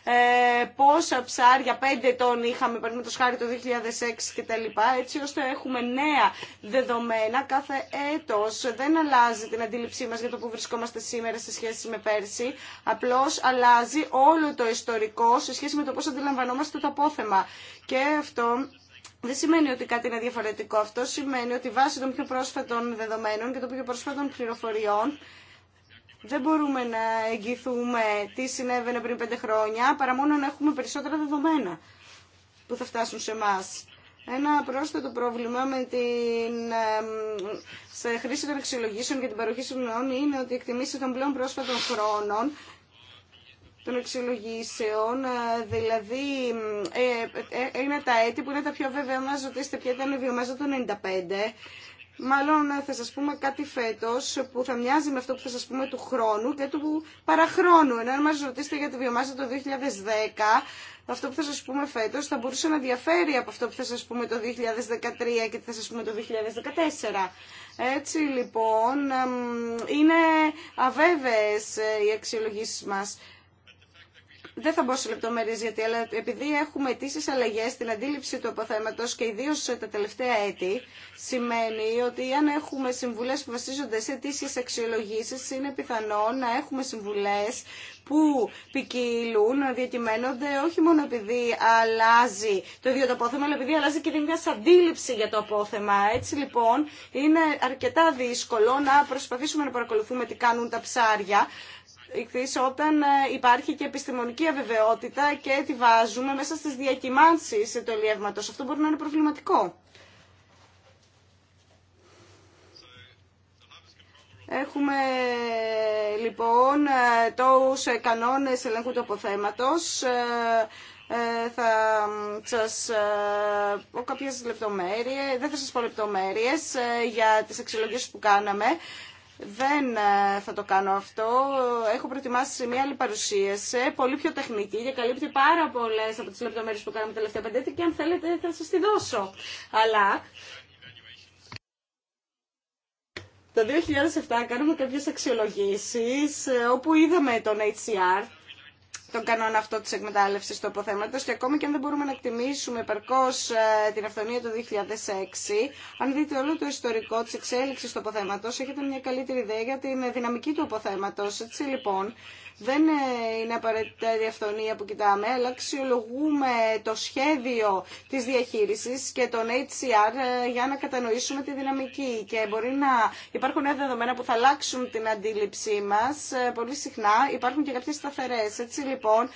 ε, πόσα ψάρια 5 ετών είχαμε παραδείγματο χάρη το 2006 κτλ. Έτσι ώστε έχουμε νέα δεδομένα κάθε έτος. Δεν αλλάζει την αντίληψή μα για το που βρισκόμαστε σήμερα σε σχέση με πέρσι, Απλώ αλλάζει όλο το ιστορικό σε σχέση με το πώ αντιλαμβανόμαστε το απόθεμα. Και αυτό δεν σημαίνει ότι κάτι είναι διαφορετικό. Αυτό σημαίνει ότι βάσει των πιο πρόσφατων δεδομένων και των πιο πρόσφατων πληροφοριών δεν μπορούμε να εγγυθούμε τι συνέβαινε πριν πέντε χρόνια, παρά μόνο να έχουμε περισσότερα δεδομένα που θα φτάσουν σε εμά. Ένα πρόσθετο πρόβλημα με την σε χρήση των αξιολογήσεων και την παροχή συμβουλών είναι ότι οι εκτιμήσει των πλέον πρόσφατων χρόνων των αξιολογήσεων, δηλαδή ε, ε, ε, είναι τα έτη που είναι τα πιο βέβαια, μας ρωτήσετε ποια ήταν η βιομάζα το 95, Μάλλον θα σας πούμε κάτι φέτος που θα μοιάζει με αυτό που θα σας πούμε του χρόνου και του παραχρόνου. Ενώ αν μας ρωτήσετε για τη βιομάζα το 2010, αυτό που θα σας πούμε φέτος θα μπορούσε να διαφέρει από αυτό που θα σας πούμε το 2013 και θα σας πούμε το 2014. Έτσι λοιπόν είναι αβέβαιες οι αξιολογήσεις μας δεν θα μπω σε λεπτομέρειε γιατί, αλλά επειδή έχουμε αιτήσει αλλαγέ στην αντίληψη του αποθέματο και ιδίω τα τελευταία έτη, σημαίνει ότι αν έχουμε συμβουλέ που βασίζονται σε αιτήσει αξιολογήσει, είναι πιθανό να έχουμε συμβουλέ που ποικίλουν, να διακυμαίνονται όχι μόνο επειδή αλλάζει το ίδιο το απόθεμα, αλλά επειδή αλλάζει και την μια αντίληψη για το απόθεμα. Έτσι λοιπόν είναι αρκετά δύσκολο να προσπαθήσουμε να παρακολουθούμε τι κάνουν τα ψάρια όταν ε, υπάρχει και επιστημονική αβεβαιότητα και τη βάζουμε μέσα στις διακυμάνσεις του ελιεύματος. Αυτό μπορεί να είναι προβληματικό. Έχουμε λοιπόν ε, τους κανόνες ελέγχου του αποθέματος. Ε, θα σας πω κάποιες λεπτομέρειες, δεν θα σας πω λεπτομέρειες για τις αξιολογίες που κάναμε. Δεν ε, θα το κάνω αυτό. Έχω προετοιμάσει μια άλλη παρουσίαση, πολύ πιο τεχνική και καλύπτει πάρα πολλέ από τι λεπτομέρειε που κάναμε τελευταία πεντέτη και αν θέλετε θα σα τη δώσω. Αλλά το 2007 κάναμε κάποιες αξιολογήσεις ε, όπου είδαμε τον HCR τον κανόνα αυτό της εκμετάλλευσης του αποθέματος και ακόμη και αν δεν μπορούμε να εκτιμήσουμε παρκώς ε, την αυθονία του 2006, αν δείτε όλο το ιστορικό της εξέλιξης του αποθέματος, έχετε μια καλύτερη ιδέα για την δυναμική του αποθέματος. Έτσι λοιπόν, δεν ε, είναι απαραίτητα η αυθονία που κοιτάμε, αλλά αξιολογούμε το σχέδιο της διαχείρισης και τον HCR ε, για να κατανοήσουμε τη δυναμική και μπορεί να υπάρχουν νέα δεδομένα που θα αλλάξουν την αντίληψή μας πολύ συχνά, υπάρχουν και κάποιες σταθερέ, Έτσι λοιπόν, λοιπόν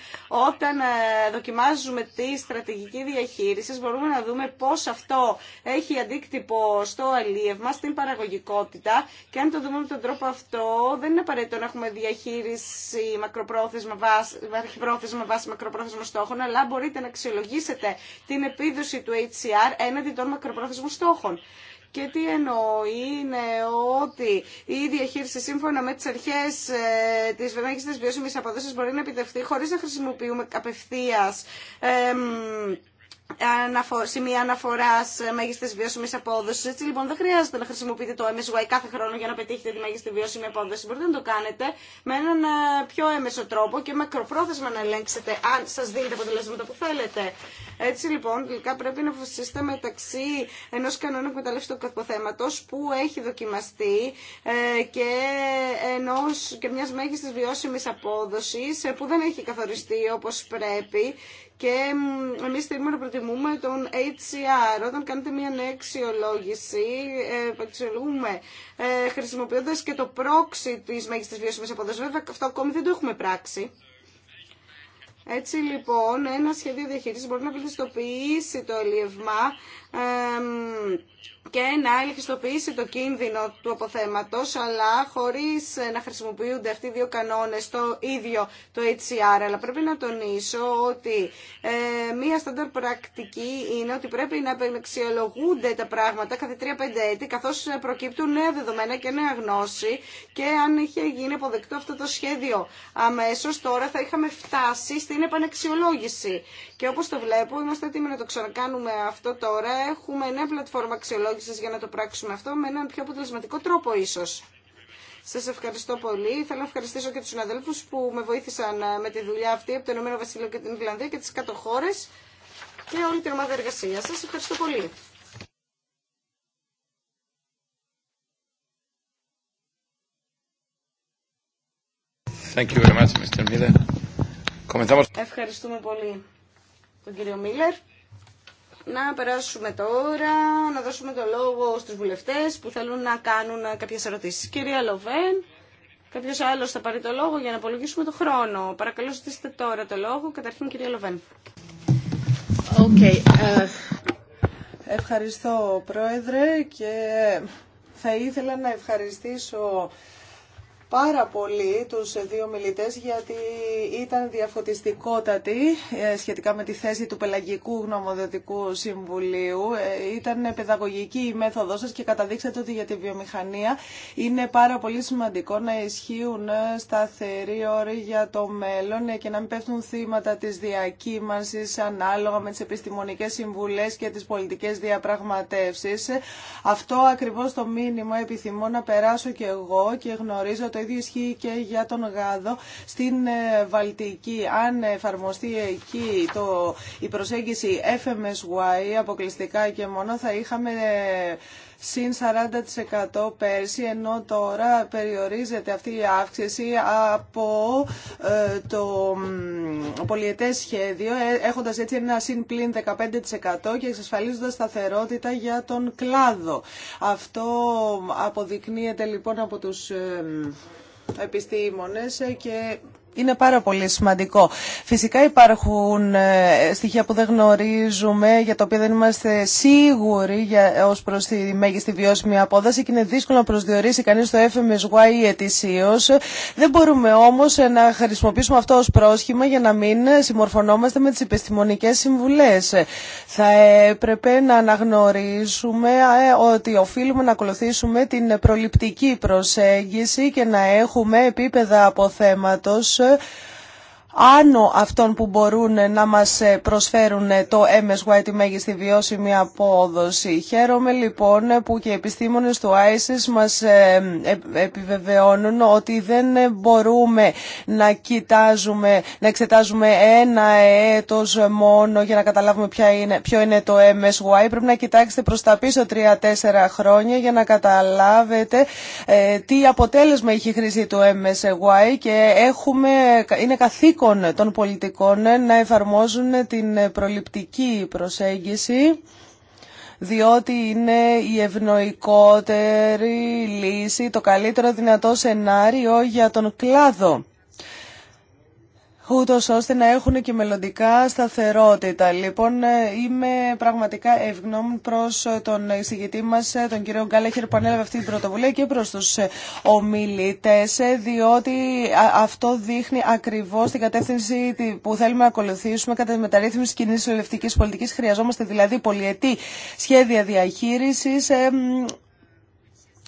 όταν ε, δοκιμάζουμε τη στρατηγική διαχείριση μπορούμε να δούμε πώ αυτό έχει αντίκτυπο στο αλλίευμα, στην παραγωγικότητα και αν το δούμε με τον τρόπο αυτό δεν είναι απαραίτητο να έχουμε διαχείριση μακροπρόθεσμα βάση, μακροπρόθεσμα βάση μακροπρόθεσμων στόχων αλλά μπορείτε να αξιολογήσετε την επίδοση του HCR έναντι των μακροπρόθεσμων στόχων. Και τι εννοώ είναι ότι η διαχείριση σύμφωνα με τις αρχές τη ε, της τη βιώσιμη αποδοση μπορεί να επιτευχθεί χωρίς να χρησιμοποιούμε καπευθεία σημεία αναφορά μέγιστη βιώσιμη απόδοση. Έτσι λοιπόν δεν χρειάζεται να χρησιμοποιείτε το MSY κάθε χρόνο για να πετύχετε τη μέγιστη βιώσιμη απόδοση. Μπορείτε να το κάνετε με έναν ε, πιο έμεσο τρόπο και μακροπρόθεσμα να ελέγξετε αν σα δίνετε αποτελέσματα που θέλετε. Έτσι λοιπόν τελικά πρέπει να αποφασίσετε μεταξύ ενό κανόνα εκμεταλλεύση του καθποθέματο που έχει δοκιμαστεί ε, και, ενός, και μια μέγιστη βιώσιμη απόδοση ε, που δεν έχει καθοριστεί όπω πρέπει και εμεί θέλουμε να προτιμούμε τον HCR. Όταν κάνετε μια νέα αξιολόγηση, ε, αξιολογούμε ε, χρησιμοποιώντα και το πρόξι τη μέγιστη βιώσιμη απόδοση. Βέβαια, αυτό ακόμη δεν το έχουμε πράξει. Έτσι λοιπόν, ένα σχέδιο διαχείριση μπορεί να βελτιστοποιήσει το ελιευμά και να ελεγχιστοποιήσει το κίνδυνο του αποθέματος, αλλά χωρίς ε, να χρησιμοποιούνται αυτοί οι δύο κανόνες το ίδιο το HCR. Αλλά πρέπει να τονίσω ότι ε, μία στάνταρ πρακτική είναι ότι πρέπει να επεξιολογούνται τα πράγματα κάθε 3-5 έτη, καθώς ε, προκύπτουν νέα δεδομένα και νέα γνώση και αν είχε γίνει αποδεκτό αυτό το σχέδιο αμέσως, τώρα θα είχαμε φτάσει στην επανεξιολόγηση. Και όπως το βλέπω, είμαστε έτοιμοι να το ξανακάνουμε αυτό τώρα, έχουμε νέα πλατφόρμα αξιολόγηση για να το πράξουμε αυτό με έναν πιο αποτελεσματικό τρόπο ίσω. Σα ευχαριστώ πολύ. Θέλω να ευχαριστήσω και του συναδέλφου που με βοήθησαν ε, με τη δουλειά αυτή από το Ηνωμένο και την Ιρλανδία και τι κάτω χώρε και όλη την ομάδα εργασία. Σα ευχαριστώ πολύ. Ευχαριστούμε πολύ τον κύριο Μίλλερ. Να περάσουμε τώρα, να δώσουμε το λόγο στους βουλευτές που θέλουν να κάνουν κάποιες ερωτήσεις. Κυρία Λοβέν, κάποιος άλλος θα πάρει το λόγο για να απολογίσουμε το χρόνο. Παρακαλώ ζητήστε τώρα το λόγο. Καταρχήν κυρία Λοβέν. Okay. Ε, ευχαριστώ πρόεδρε και θα ήθελα να ευχαριστήσω πάρα πολύ τους δύο μιλητές γιατί ήταν διαφωτιστικότατοι ε, σχετικά με τη θέση του Πελαγικού Γνωμοδοτικού Συμβουλίου. Ε, ήταν παιδαγωγική η μέθοδός σας και καταδείξατε ότι για τη βιομηχανία είναι πάρα πολύ σημαντικό να ισχύουν ε, σταθεροί όροι για το μέλλον και να μην πέφτουν θύματα της διακύμανσης ανάλογα με τις επιστημονικές συμβουλές και τις πολιτικές διαπραγματεύσεις. Αυτό ακριβώς το μήνυμα επιθυμώ να περάσω και εγώ και γνωρίζω το ίδιο ισχύει και για τον γάδο στην ε, Βαλτική. Αν εφαρμοστεί εκεί το, η προσέγγιση FMSY αποκλειστικά και μόνο θα είχαμε ε, συν 40% πέρσι, ενώ τώρα περιορίζεται αυτή η αύξηση από ε, το πολιετές σχέδιο, έχοντας έτσι ένα συν πλήν 15% και εξασφαλίζοντας σταθερότητα για τον κλάδο. Αυτό αποδεικνύεται λοιπόν από τους επιστήμονες ε, και είναι πάρα πολύ σημαντικό. Φυσικά υπάρχουν ε, στοιχεία που δεν γνωρίζουμε, για τα οποία δεν είμαστε σίγουροι για, ως προς τη μέγιστη βιώσιμη απόδοση και είναι δύσκολο να προσδιορίσει κανείς το FMSY ετησίως. Δεν μπορούμε όμως ε, να χρησιμοποιήσουμε αυτό ως πρόσχημα για να μην συμμορφωνόμαστε με τις επιστημονικές συμβουλές. Θα έπρεπε να αναγνωρίσουμε ε, ότι οφείλουμε να ακολουθήσουμε την προληπτική προσέγγιση και να έχουμε επίπεδα αποθέματος Ευχαριστώ άνω αυτών που μπορούν να μας ε, προσφέρουν ε, το MSY τη μέγιστη βιώσιμη απόδοση. Χαίρομαι λοιπόν που και οι επιστήμονες του ISIS μας ε, επιβεβαιώνουν ότι δεν μπορούμε να κοιτάζουμε, να εξετάζουμε ένα έτος μόνο για να καταλάβουμε ποιο είναι το MSY. Πρέπει να κοιτάξετε προς τα πίσω 3-4 χρόνια για να καταλάβετε τι αποτέλεσμα έχει χρήση του MSY και είναι καθήκον Λοιπόν των πολιτικών να εφαρμόζουν την προληπτική προσέγγιση διότι είναι η ευνοϊκότερη λύση, το καλύτερο δυνατό σενάριο για τον κλάδο ούτω ώστε να έχουν και μελλοντικά σταθερότητα. Λοιπόν, ε, είμαι πραγματικά ευγνώμων προ ε, τον εισηγητή μα, ε, τον κύριο Γκάλεχερ, που ανέλαβε αυτή την πρωτοβουλία και προ του ομιλητέ, διότι αυτό δείχνει ακριβώ την κατεύθυνση που θέλουμε να ακολουθήσουμε κατά τη μεταρρύθμιση κοινή ελευτική πολιτική. Χρειαζόμαστε δηλαδή πολιετή σχέδια διαχείριση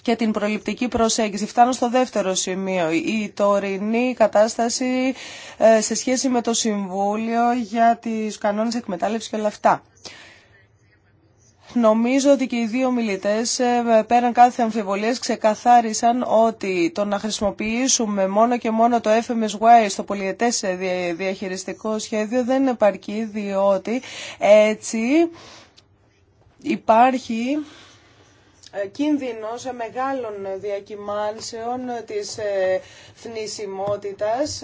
και την προληπτική προσέγγιση. Φτάνω στο δεύτερο σημείο. Η τωρινή κατάσταση ε, σε σχέση με το Συμβούλιο για τις κανόνες εκμετάλλευσης και όλα αυτά. Νομίζω ότι και οι δύο μιλητέ ε, πέραν κάθε αμφιβολία ξεκαθάρισαν ότι το να χρησιμοποιήσουμε μόνο και μόνο το FMSY στο πολιετέ ε, διαχειριστικό σχέδιο δεν επαρκεί διότι έτσι υπάρχει ε, κίνδυνος μεγάλων διακυμάνσεων της ε, θνησιμότητας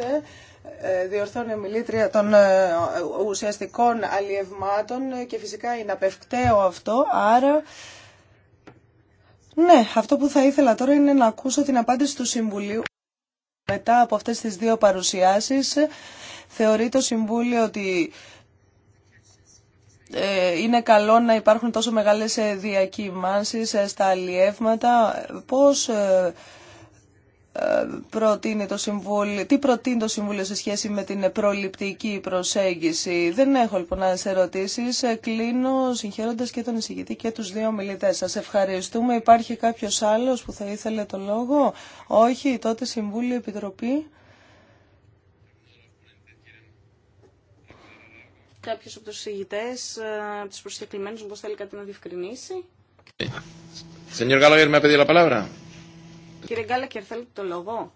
ε, διορθώνει μιλήτρια των ουσιαστικών αλλιευμάτων και φυσικά είναι απευκταίο αυτό, άρα ναι, αυτό που θα ήθελα τώρα είναι να ακούσω την απάντηση του Συμβουλίου μετά από αυτές τις δύο παρουσιάσεις θεωρεί το Συμβούλιο ότι ε, είναι καλό να υπάρχουν τόσο μεγάλες ε, διακυμάνσεις ε, στα αλλιεύματα. Πώς προτείνει το Συμβούλιο, τι προτείνει το Συμβούλιο σε σχέση με την προληπτική προσέγγιση. Δεν έχω λοιπόν άλλε ερωτήσεις. Κλείνω συγχαίροντας και τον εισηγητή και τους δύο μιλητές. Σας ευχαριστούμε. Υπάρχει κάποιος άλλος που θα ήθελε το λόγο. Όχι, τότε Συμβούλιο Επιτροπή. κάποιο από του συγητέ, ε, από του προσκεκλημένου, όπως θέλει κάτι να διευκρινίσει. Señor Gallagher, me ha pedido la palabra. Κύριε Γκάλακερ, θέλετε το λόγο.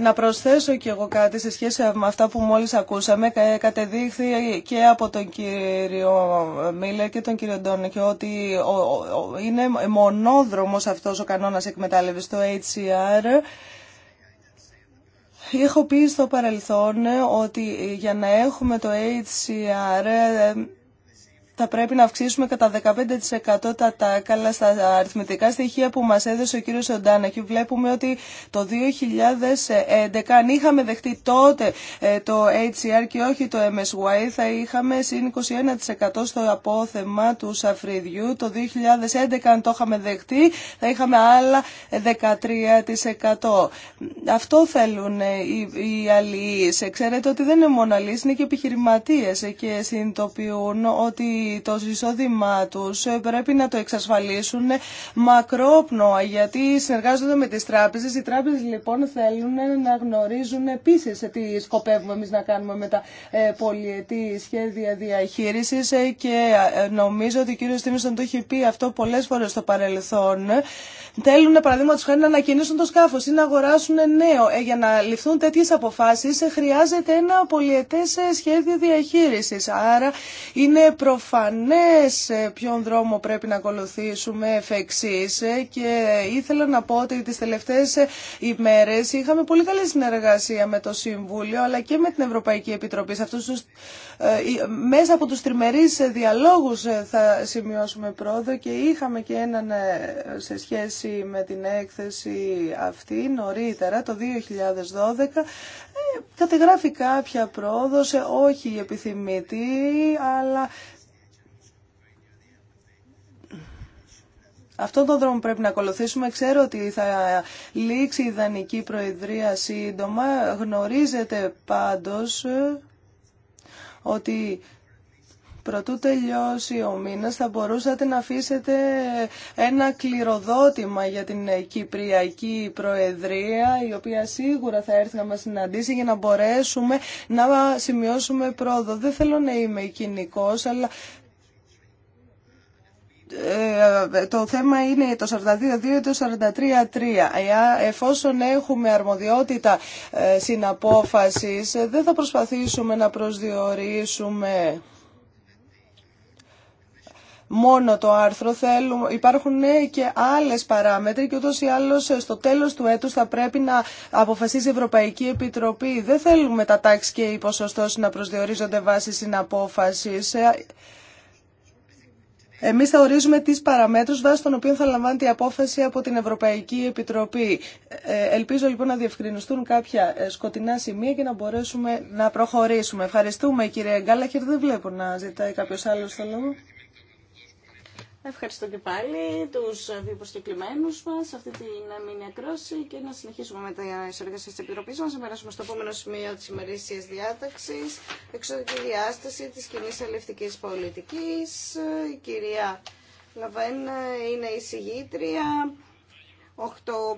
Να προσθέσω και εγώ κάτι σε σχέση με αυτά που μόλις ακούσαμε. Κατεδείχθη και από τον κύριο Μίλε και τον κύριο Ντόνικ ότι είναι μονόδρομος αυτός ο κανόνας εκμετάλλευσης, το HCR. Έχω πει στο παρελθόν ότι για να έχουμε το HCR ε, θα πρέπει να αυξήσουμε κατά 15% τα τάκαλα στα αριθμητικά στοιχεία που μας έδωσε ο κύριος και βλέπουμε ότι το 2011 αν είχαμε δεχτεί τότε ε, το HCR και όχι το MSY θα είχαμε συν 21% στο απόθεμα του Σαφριδιού. Το 2011 αν το είχαμε δεχτεί θα είχαμε άλλα 13%. Ε, Αυτό θέλουν ε, οι αλληλείς. Ξέρετε ότι δεν είναι μόνο αλληλείς, είναι και επιχειρηματίες και συνειδητοποιούν ότι το εισόδημά του ε, πρέπει να το εξασφαλίσουν μακρόπνοα γιατί συνεργάζονται με τι τράπεζε, Οι τράπεζε λοιπόν θέλουν να γνωρίζουν επίση τι σκοπεύουμε εμεί να κάνουμε με τα ε, πολιετή σχέδια διαχείρισης ε, και νομίζω ότι ο κύριο Τίμισον το έχει πει αυτό πολλέ φορέ στο παρελθόν. Θέλουν παραδείγματο χάρη να ανακοινήσουν το σκάφο ή να αγοράσουν νέο. για να ληφθούν τέτοιε αποφάσει χρειάζεται ένα πολιετέ σχέδιο διαχείριση. Άρα είναι προφανέ προφανές ε, ποιον δρόμο πρέπει να ακολουθήσουμε εφ' ε, και ήθελα να πω ότι τις τελευταίες ε, ημέρες είχαμε πολύ καλή συνεργασία με το Συμβούλιο αλλά και με την Ευρωπαϊκή Επιτροπή. Σε τους, μέσα από τους τριμερείς διαλόγους θα σημειώσουμε πρόοδο και είχαμε και έναν σε σχέση με την έκθεση αυτή νωρίτερα το 2012 κατεγράφει κάποια πρόοδο, όχι η επιθυμητή, αλλά Αυτόν τον δρόμο πρέπει να ακολουθήσουμε. Ξέρω ότι θα λήξει η ιδανική προεδρία σύντομα. Γνωρίζετε πάντως ε, ότι Προτού τελειώσει ο μήνας θα μπορούσατε να αφήσετε ένα κληροδότημα για την Κυπριακή Προεδρία, η οποία σίγουρα θα έρθει να μας συναντήσει για να μπορέσουμε να σημειώσουμε πρόοδο. Δεν θέλω να είμαι κοινικός, αλλά ε, το θέμα είναι το 42-2 το 43-3. Εφόσον έχουμε αρμοδιότητα ε, συναπόφασης, ε, δεν θα προσπαθήσουμε να προσδιορίσουμε μόνο το άρθρο. υπάρχουν ναι, και άλλες παράμετροι και ούτως ή άλλως στο τέλος του έτους θα πρέπει να αποφασίσει η Ευρωπαϊκή Επιτροπή. Δεν θέλουμε τα τάξη και οι ποσοστώσεις να προσδιορίζονται βάσει συναπόφασης. Εμείς θα ορίζουμε τις παραμέτρους βάσει των οποίων θα λαμβάνεται η απόφαση από την Ευρωπαϊκή Επιτροπή. Ε, ελπίζω λοιπόν να διευκρινιστούν κάποια ε, σκοτεινά σημεία και να μπορέσουμε να προχωρήσουμε. Ευχαριστούμε κύριε Γκάλαχερ. Δεν βλέπω να ζητάει κάποιο άλλο το λόγο. Ευχαριστώ και πάλι τους δύο προσκεκλημένου μας σε αυτή την μήνυα κρόση και να συνεχίσουμε με τα εργασία τη Επιτροπή μας. Να περάσουμε στο επόμενο σημείο της ημερησία διάταξη, Εξωτική διάσταση της κοινή ελευτική πολιτική. Η κυρία Λαβέν είναι η συγγήτρια. 8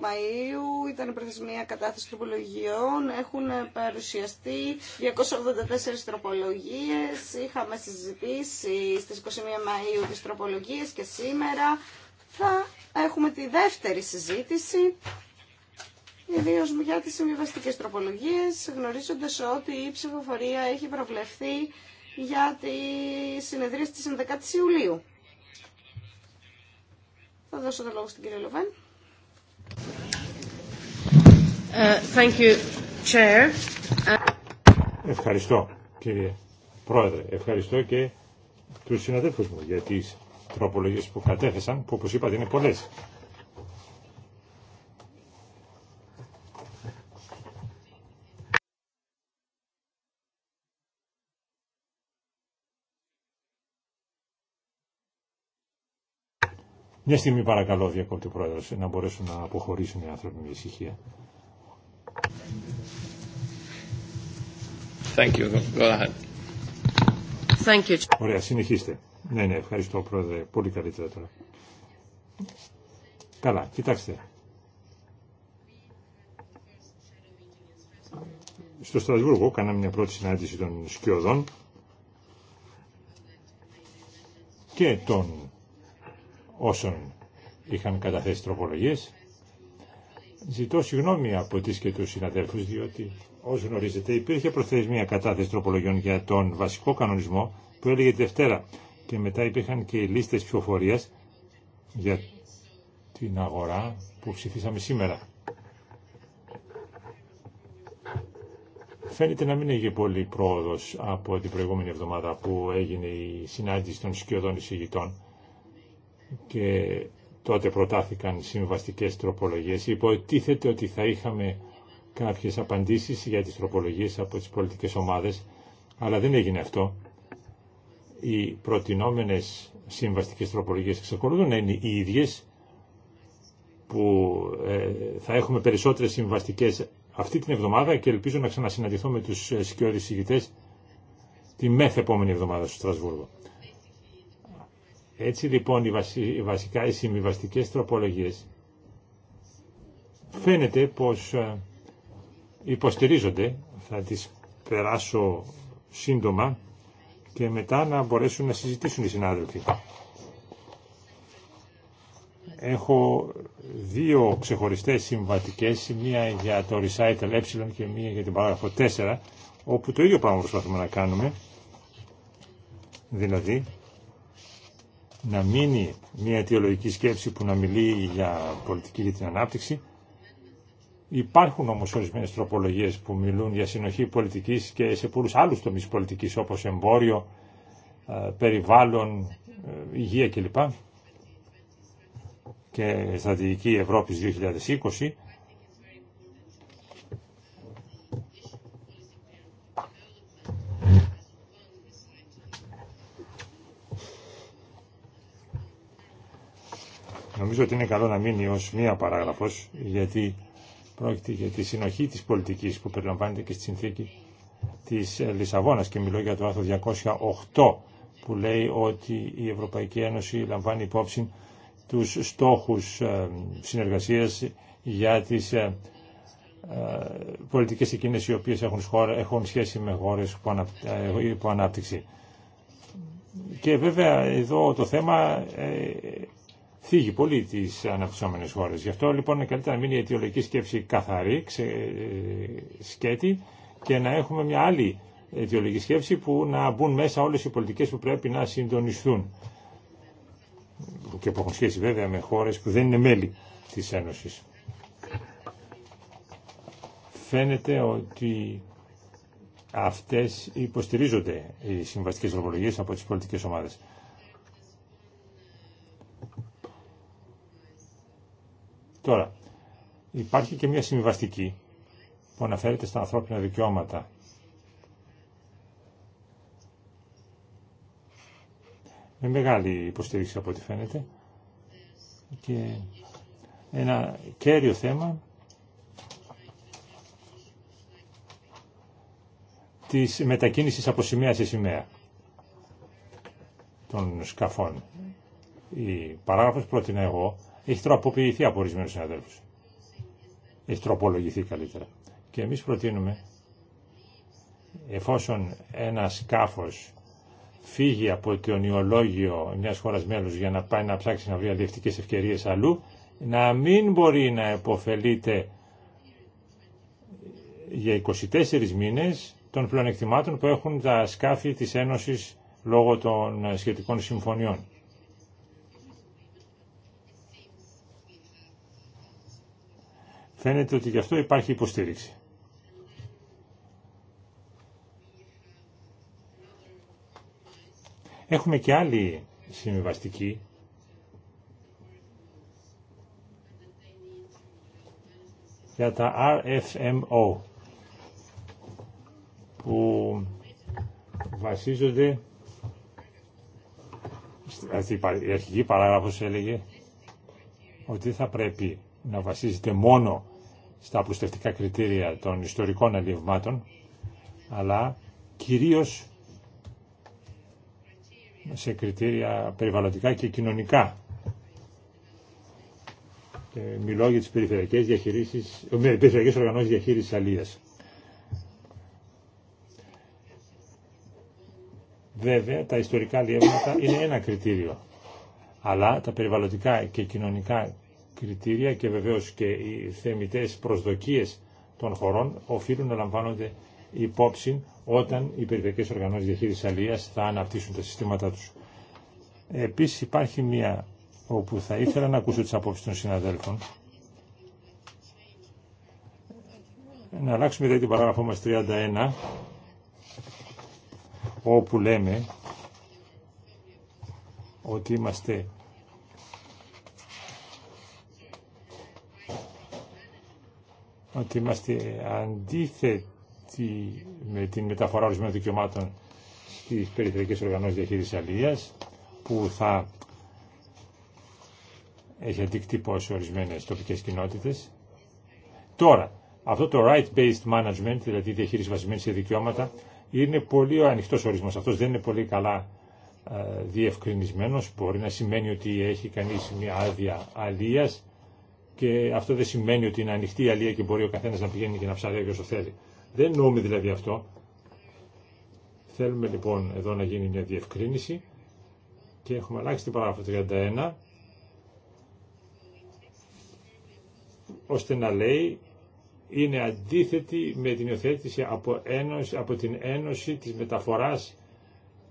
Μαΐου ήταν η προθεσμία κατάθεση τροπολογιών. Έχουν παρουσιαστεί 284 τροπολογίες. Είχαμε συζητήσει στις 21 Μαΐου τις τροπολογίες και σήμερα θα έχουμε τη δεύτερη συζήτηση Ιδίω για τις συμβιβαστικές τροπολογίε, γνωρίζοντας ότι η ψηφοφορία έχει προβλεφθεί για τη συνεδρία τη 11η Ιουλίου. Θα δώσω το λόγο στην κυρία Λοβέν. Uh, uh, Ευχαριστώ κύριε Πρόεδρε. Ευχαριστώ και τους συναδέλφους μου για τις τροπολογίες που κατέθεσαν, που όπως είπατε είναι πολλές. Μια στιγμή παρακαλώ διακόπτη πρόεδρος να μπορέσουν να αποχωρήσουν οι άνθρωποι με ησυχία. Thank you. Go ahead. Thank you. Ωραία, συνεχίστε. Ναι, ναι, ευχαριστώ πρόεδρε. Πολύ καλύτερα τώρα. Καλά, κοιτάξτε. Στο Στρασβούργο κάναμε μια πρώτη συνάντηση των σκιωδών και των όσων είχαν καταθέσει τροπολογίες. Ζητώ συγγνώμη από τις και τους συναδέλφους, διότι όσο γνωρίζετε υπήρχε προθεσμία κατάθεση τροπολογιών για τον βασικό κανονισμό που έλεγε τη Δευτέρα και μετά υπήρχαν και οι λίστες ψηφοφορίας για την αγορά που ψηφίσαμε σήμερα. Φαίνεται να μην έγινε πολύ πρόοδος από την προηγούμενη εβδομάδα που έγινε η συνάντηση των σκιωδών εισηγητών και τότε προτάθηκαν συμβαστικές τροπολογίες. Υποτίθεται ότι θα είχαμε κάποιες απαντήσεις για τις τροπολογίες από τις πολιτικές ομάδες, αλλά δεν έγινε αυτό. Οι προτινόμενες συμβαστικές τροπολογίες εξακολουθούν να είναι οι ίδιες που ε, θα έχουμε περισσότερες συμβαστικές αυτή την εβδομάδα και ελπίζω να ξανασυναντηθώ με τους ε, σκιώδεις ηγητές τη μεθ' επόμενη εβδομάδα στο Στρασβούργο. Έτσι λοιπόν οι βασικά οι συμβιβαστικέ τροπολογίες φαίνεται πως ε, υποστηρίζονται, θα τις περάσω σύντομα και μετά να μπορέσουν να συζητήσουν οι συνάδελφοι. Έχω δύο ξεχωριστές συμβατικές, μία για το recital ε και μία για την παράγραφο 4, όπου το ίδιο πράγμα προσπαθούμε να κάνουμε, δηλαδή να μείνει μια αιτιολογική σκέψη που να μιλεί για πολιτική για την ανάπτυξη. Υπάρχουν όμως ορισμένες τροπολογίες που μιλούν για συνοχή πολιτικής και σε πολλούς άλλους τομείς πολιτικής όπως εμπόριο, ε, περιβάλλον, ε, υγεία κλπ. Και στρατηγική Ευρώπης 2020 Νομίζω ότι είναι καλό να μείνει ως μία παράγραφος, γιατί πρόκειται για τη συνοχή της πολιτικής που περιλαμβάνεται και στη συνθήκη της Λισαβόνας και μιλώ για το άρθρο 208 που λέει ότι η Ευρωπαϊκή Ένωση λαμβάνει υπόψη τους στόχους ε, συνεργασίας για τις ε, ε, πολιτικές εκείνες οι οποίες έχουν, σχέση με χώρες υπό ανάπτυξη. Και βέβαια εδώ το θέμα θίγει πολύ τι αναπτυσσόμενε χώρε. Γι' αυτό λοιπόν είναι καλύτερα να μείνει η αιτιολογική σκέψη καθαρή, ξε, ε, σκέτη και να έχουμε μια άλλη αιτιολογική σκέψη που να μπουν μέσα όλες οι πολιτικές που πρέπει να συντονιστούν και που έχουν σχέση βέβαια με χώρε που δεν είναι μέλη τη Ένωση. Φαίνεται ότι αυτές υποστηρίζονται οι συμβαστικές τροπολογίες από τις πολιτικές ομάδες. Τώρα, υπάρχει και μια συμβιβαστική που αναφέρεται στα ανθρώπινα δικαιώματα. Με μεγάλη υποστήριξη από ό,τι φαίνεται. Και ένα κέριο θέμα της μετακίνησης από σημαία σε σημαία των σκαφών. Η παράγραφος πρότεινα εγώ έχει τροποποιηθεί από ορισμένου συναδέλφου. Έχει τροπολογηθεί καλύτερα. Και εμεί προτείνουμε, εφόσον ένα σκάφο φύγει από το νεολόγιο μια χώρα μέλου για να πάει να ψάξει να βρει αλληλευτικέ ευκαιρίε αλλού, να μην μπορεί να επωφελείται για 24 μήνες των πλεονεκτημάτων που έχουν τα σκάφη της ένωση λόγω των σχετικών συμφωνιών. Φαίνεται ότι γι' αυτό υπάρχει υποστήριξη. Έχουμε και άλλη συμβιβαστική για τα RFMO που βασίζονται ε, η αρχική παράγραφος έλεγε ότι θα πρέπει να βασίζεται μόνο στα απλουστευτικά κριτήρια των ιστορικών αλλιευμάτων, αλλά κυρίως σε κριτήρια περιβαλλοντικά και κοινωνικά. Και μιλώ για τις περιφερειακές, διαχειρήσεις, ε, περιφερειακές οργανώσεις διαχείρισης αλίας. Βέβαια, τα ιστορικά αλλιεύματα είναι ένα κριτήριο, αλλά τα περιβαλλοντικά και κοινωνικά κριτήρια και βεβαίως και οι θεμητές προσδοκίες των χωρών οφείλουν να λαμβάνονται υπόψη όταν οι περιφερειακές οργανώσεις διαχείρισης αλληλείας θα αναπτύσσουν τα συστήματά τους. Επίσης υπάρχει μία όπου θα ήθελα να ακούσω τις απόψεις των συναδέλφων. Να αλλάξουμε δεύτερη δηλαδή την παράγραφό μας 31 όπου λέμε ότι είμαστε ότι είμαστε αντίθετοι με την μεταφορά ορισμένων δικαιωμάτων στις περιφερειακές οργανώσεις διαχείρισης αλληλείας που θα έχει αντικτύπωση σε ορισμένες τοπικές κοινότητες. Τώρα, αυτό το right-based management, δηλαδή διαχείριση βασισμένη σε δικαιώματα, είναι πολύ ανοιχτός ορισμός. Αυτός δεν είναι πολύ καλά ε, διευκρινισμένος. Μπορεί να σημαίνει ότι έχει κανείς μια άδεια αλίας και αυτό δεν σημαίνει ότι είναι ανοιχτή η αλία και μπορεί ο καθένας να πηγαίνει και να ψαρεύει όσο θέλει. Δεν νοούμε δηλαδή αυτό. Θέλουμε λοιπόν εδώ να γίνει μια διευκρίνηση και έχουμε αλλάξει την παράγραφο 31 ώστε να λέει είναι αντίθετη με την υιοθέτηση από, ένωση, από την ένωση της μεταφοράς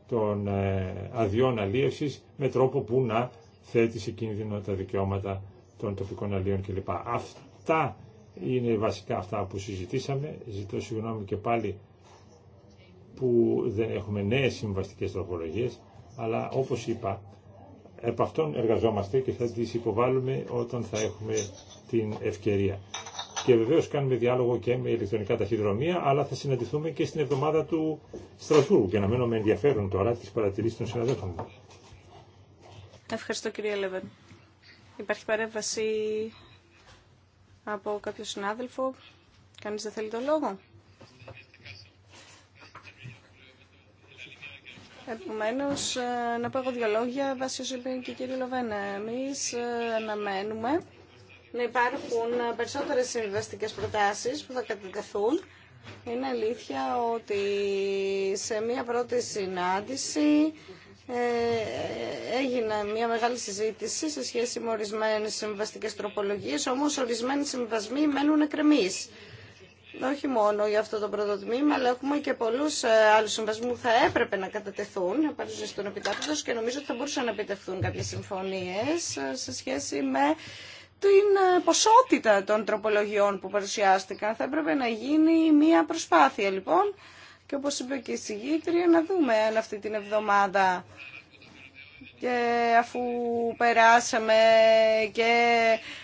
των ε, αδειών αλίευσης με τρόπο που να θέτει σε κίνδυνο τα δικαιώματα των τοπικών αλλιών κλπ. Αυτά είναι βασικά αυτά που συζητήσαμε. Ζητώ συγγνώμη και πάλι που δεν έχουμε νέες συμβαστικές τροπολογίες, αλλά όπως είπα, επ' αυτών εργαζόμαστε και θα τις υποβάλουμε όταν θα έχουμε την ευκαιρία. Και βεβαίω κάνουμε διάλογο και με ηλεκτρονικά ταχυδρομεία, αλλά θα συναντηθούμε και στην εβδομάδα του Στρασβούργου. Και μένω με ενδιαφέρον τώρα τι παρατηρήσει των συναδέλφων μου. Ευχαριστώ, κύριε Λεβέν. Υπάρχει παρέμβαση από κάποιο συνάδελφο. Κανείς δεν θέλει το λόγο. Επομένω, ε, να πω εγώ δύο λόγια, βάσει όσο είπε και η κυρία Λοβένα. Εμεί ε, αναμένουμε να υπάρχουν περισσότερε συμβαστικέ προτάσει που θα κατατεθούν. Είναι αλήθεια ότι σε μία πρώτη συνάντηση ε, έγινε μια μεγάλη συζήτηση σε σχέση με ορισμένες συμβαστικές τροπολογίες, όμως ορισμένοι συμβασμοί μένουν εκκρεμείς. Όχι μόνο για αυτό το πρώτο τμήμα, αλλά έχουμε και πολλού ε, άλλου συμβασμού που θα έπρεπε να κατατεθούν, να παρουσιάσουν στον επιτάπητο και νομίζω ότι θα μπορούσαν να επιτευχθούν κάποιε συμφωνίε ε, σε σχέση με την ποσότητα των τροπολογιών που παρουσιάστηκαν. Θα έπρεπε να γίνει μια προσπάθεια λοιπόν και όπως είπε και η συγγήτρια να δούμε αν αυτή την εβδομάδα και αφού περάσαμε και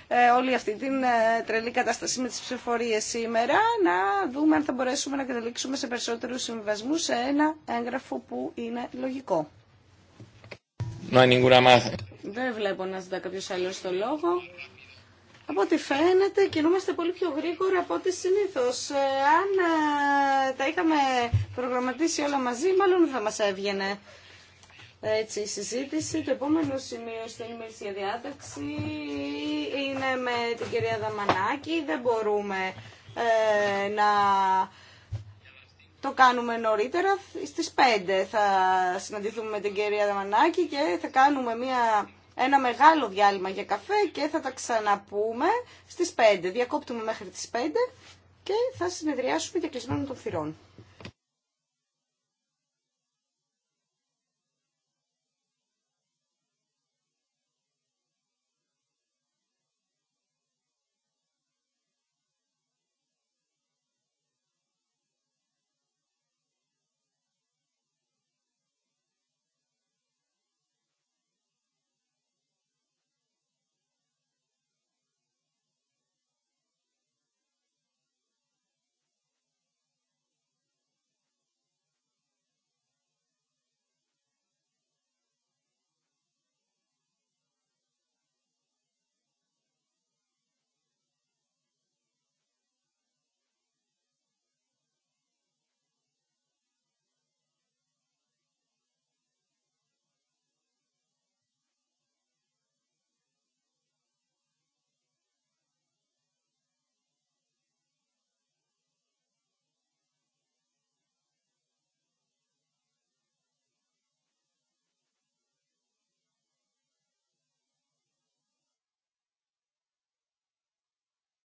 ε, όλη αυτή την ε, τρελή κατάσταση με τις ψηφορίες σήμερα να δούμε αν θα μπορέσουμε να καταλήξουμε σε περισσότερους συμβασμούς σε ένα έγγραφο που είναι λογικό. Δεν βλέπω να ζητά κάποιος άλλος το λόγο. Από ό,τι φαίνεται κινούμαστε πολύ πιο γρήγορα από ό,τι συνήθως. Ε, αν ε, τα είχαμε προγραμματίσει όλα μαζί, μάλλον θα μας έβγαινε. Έτσι, η συζήτηση, το επόμενο σημείο στην ημερησία διάταξη είναι με την κυρία Δαμανάκη. Δεν μπορούμε ε, να το κάνουμε νωρίτερα. Στις 5 θα συναντηθούμε με την κυρία Δαμανάκη και θα κάνουμε μια ένα μεγάλο διάλειμμα για καφέ και θα τα ξαναπούμε στις 5. Διακόπτουμε μέχρι τις 5 και θα συνεδριάσουμε για κλεισμένο των θυρών.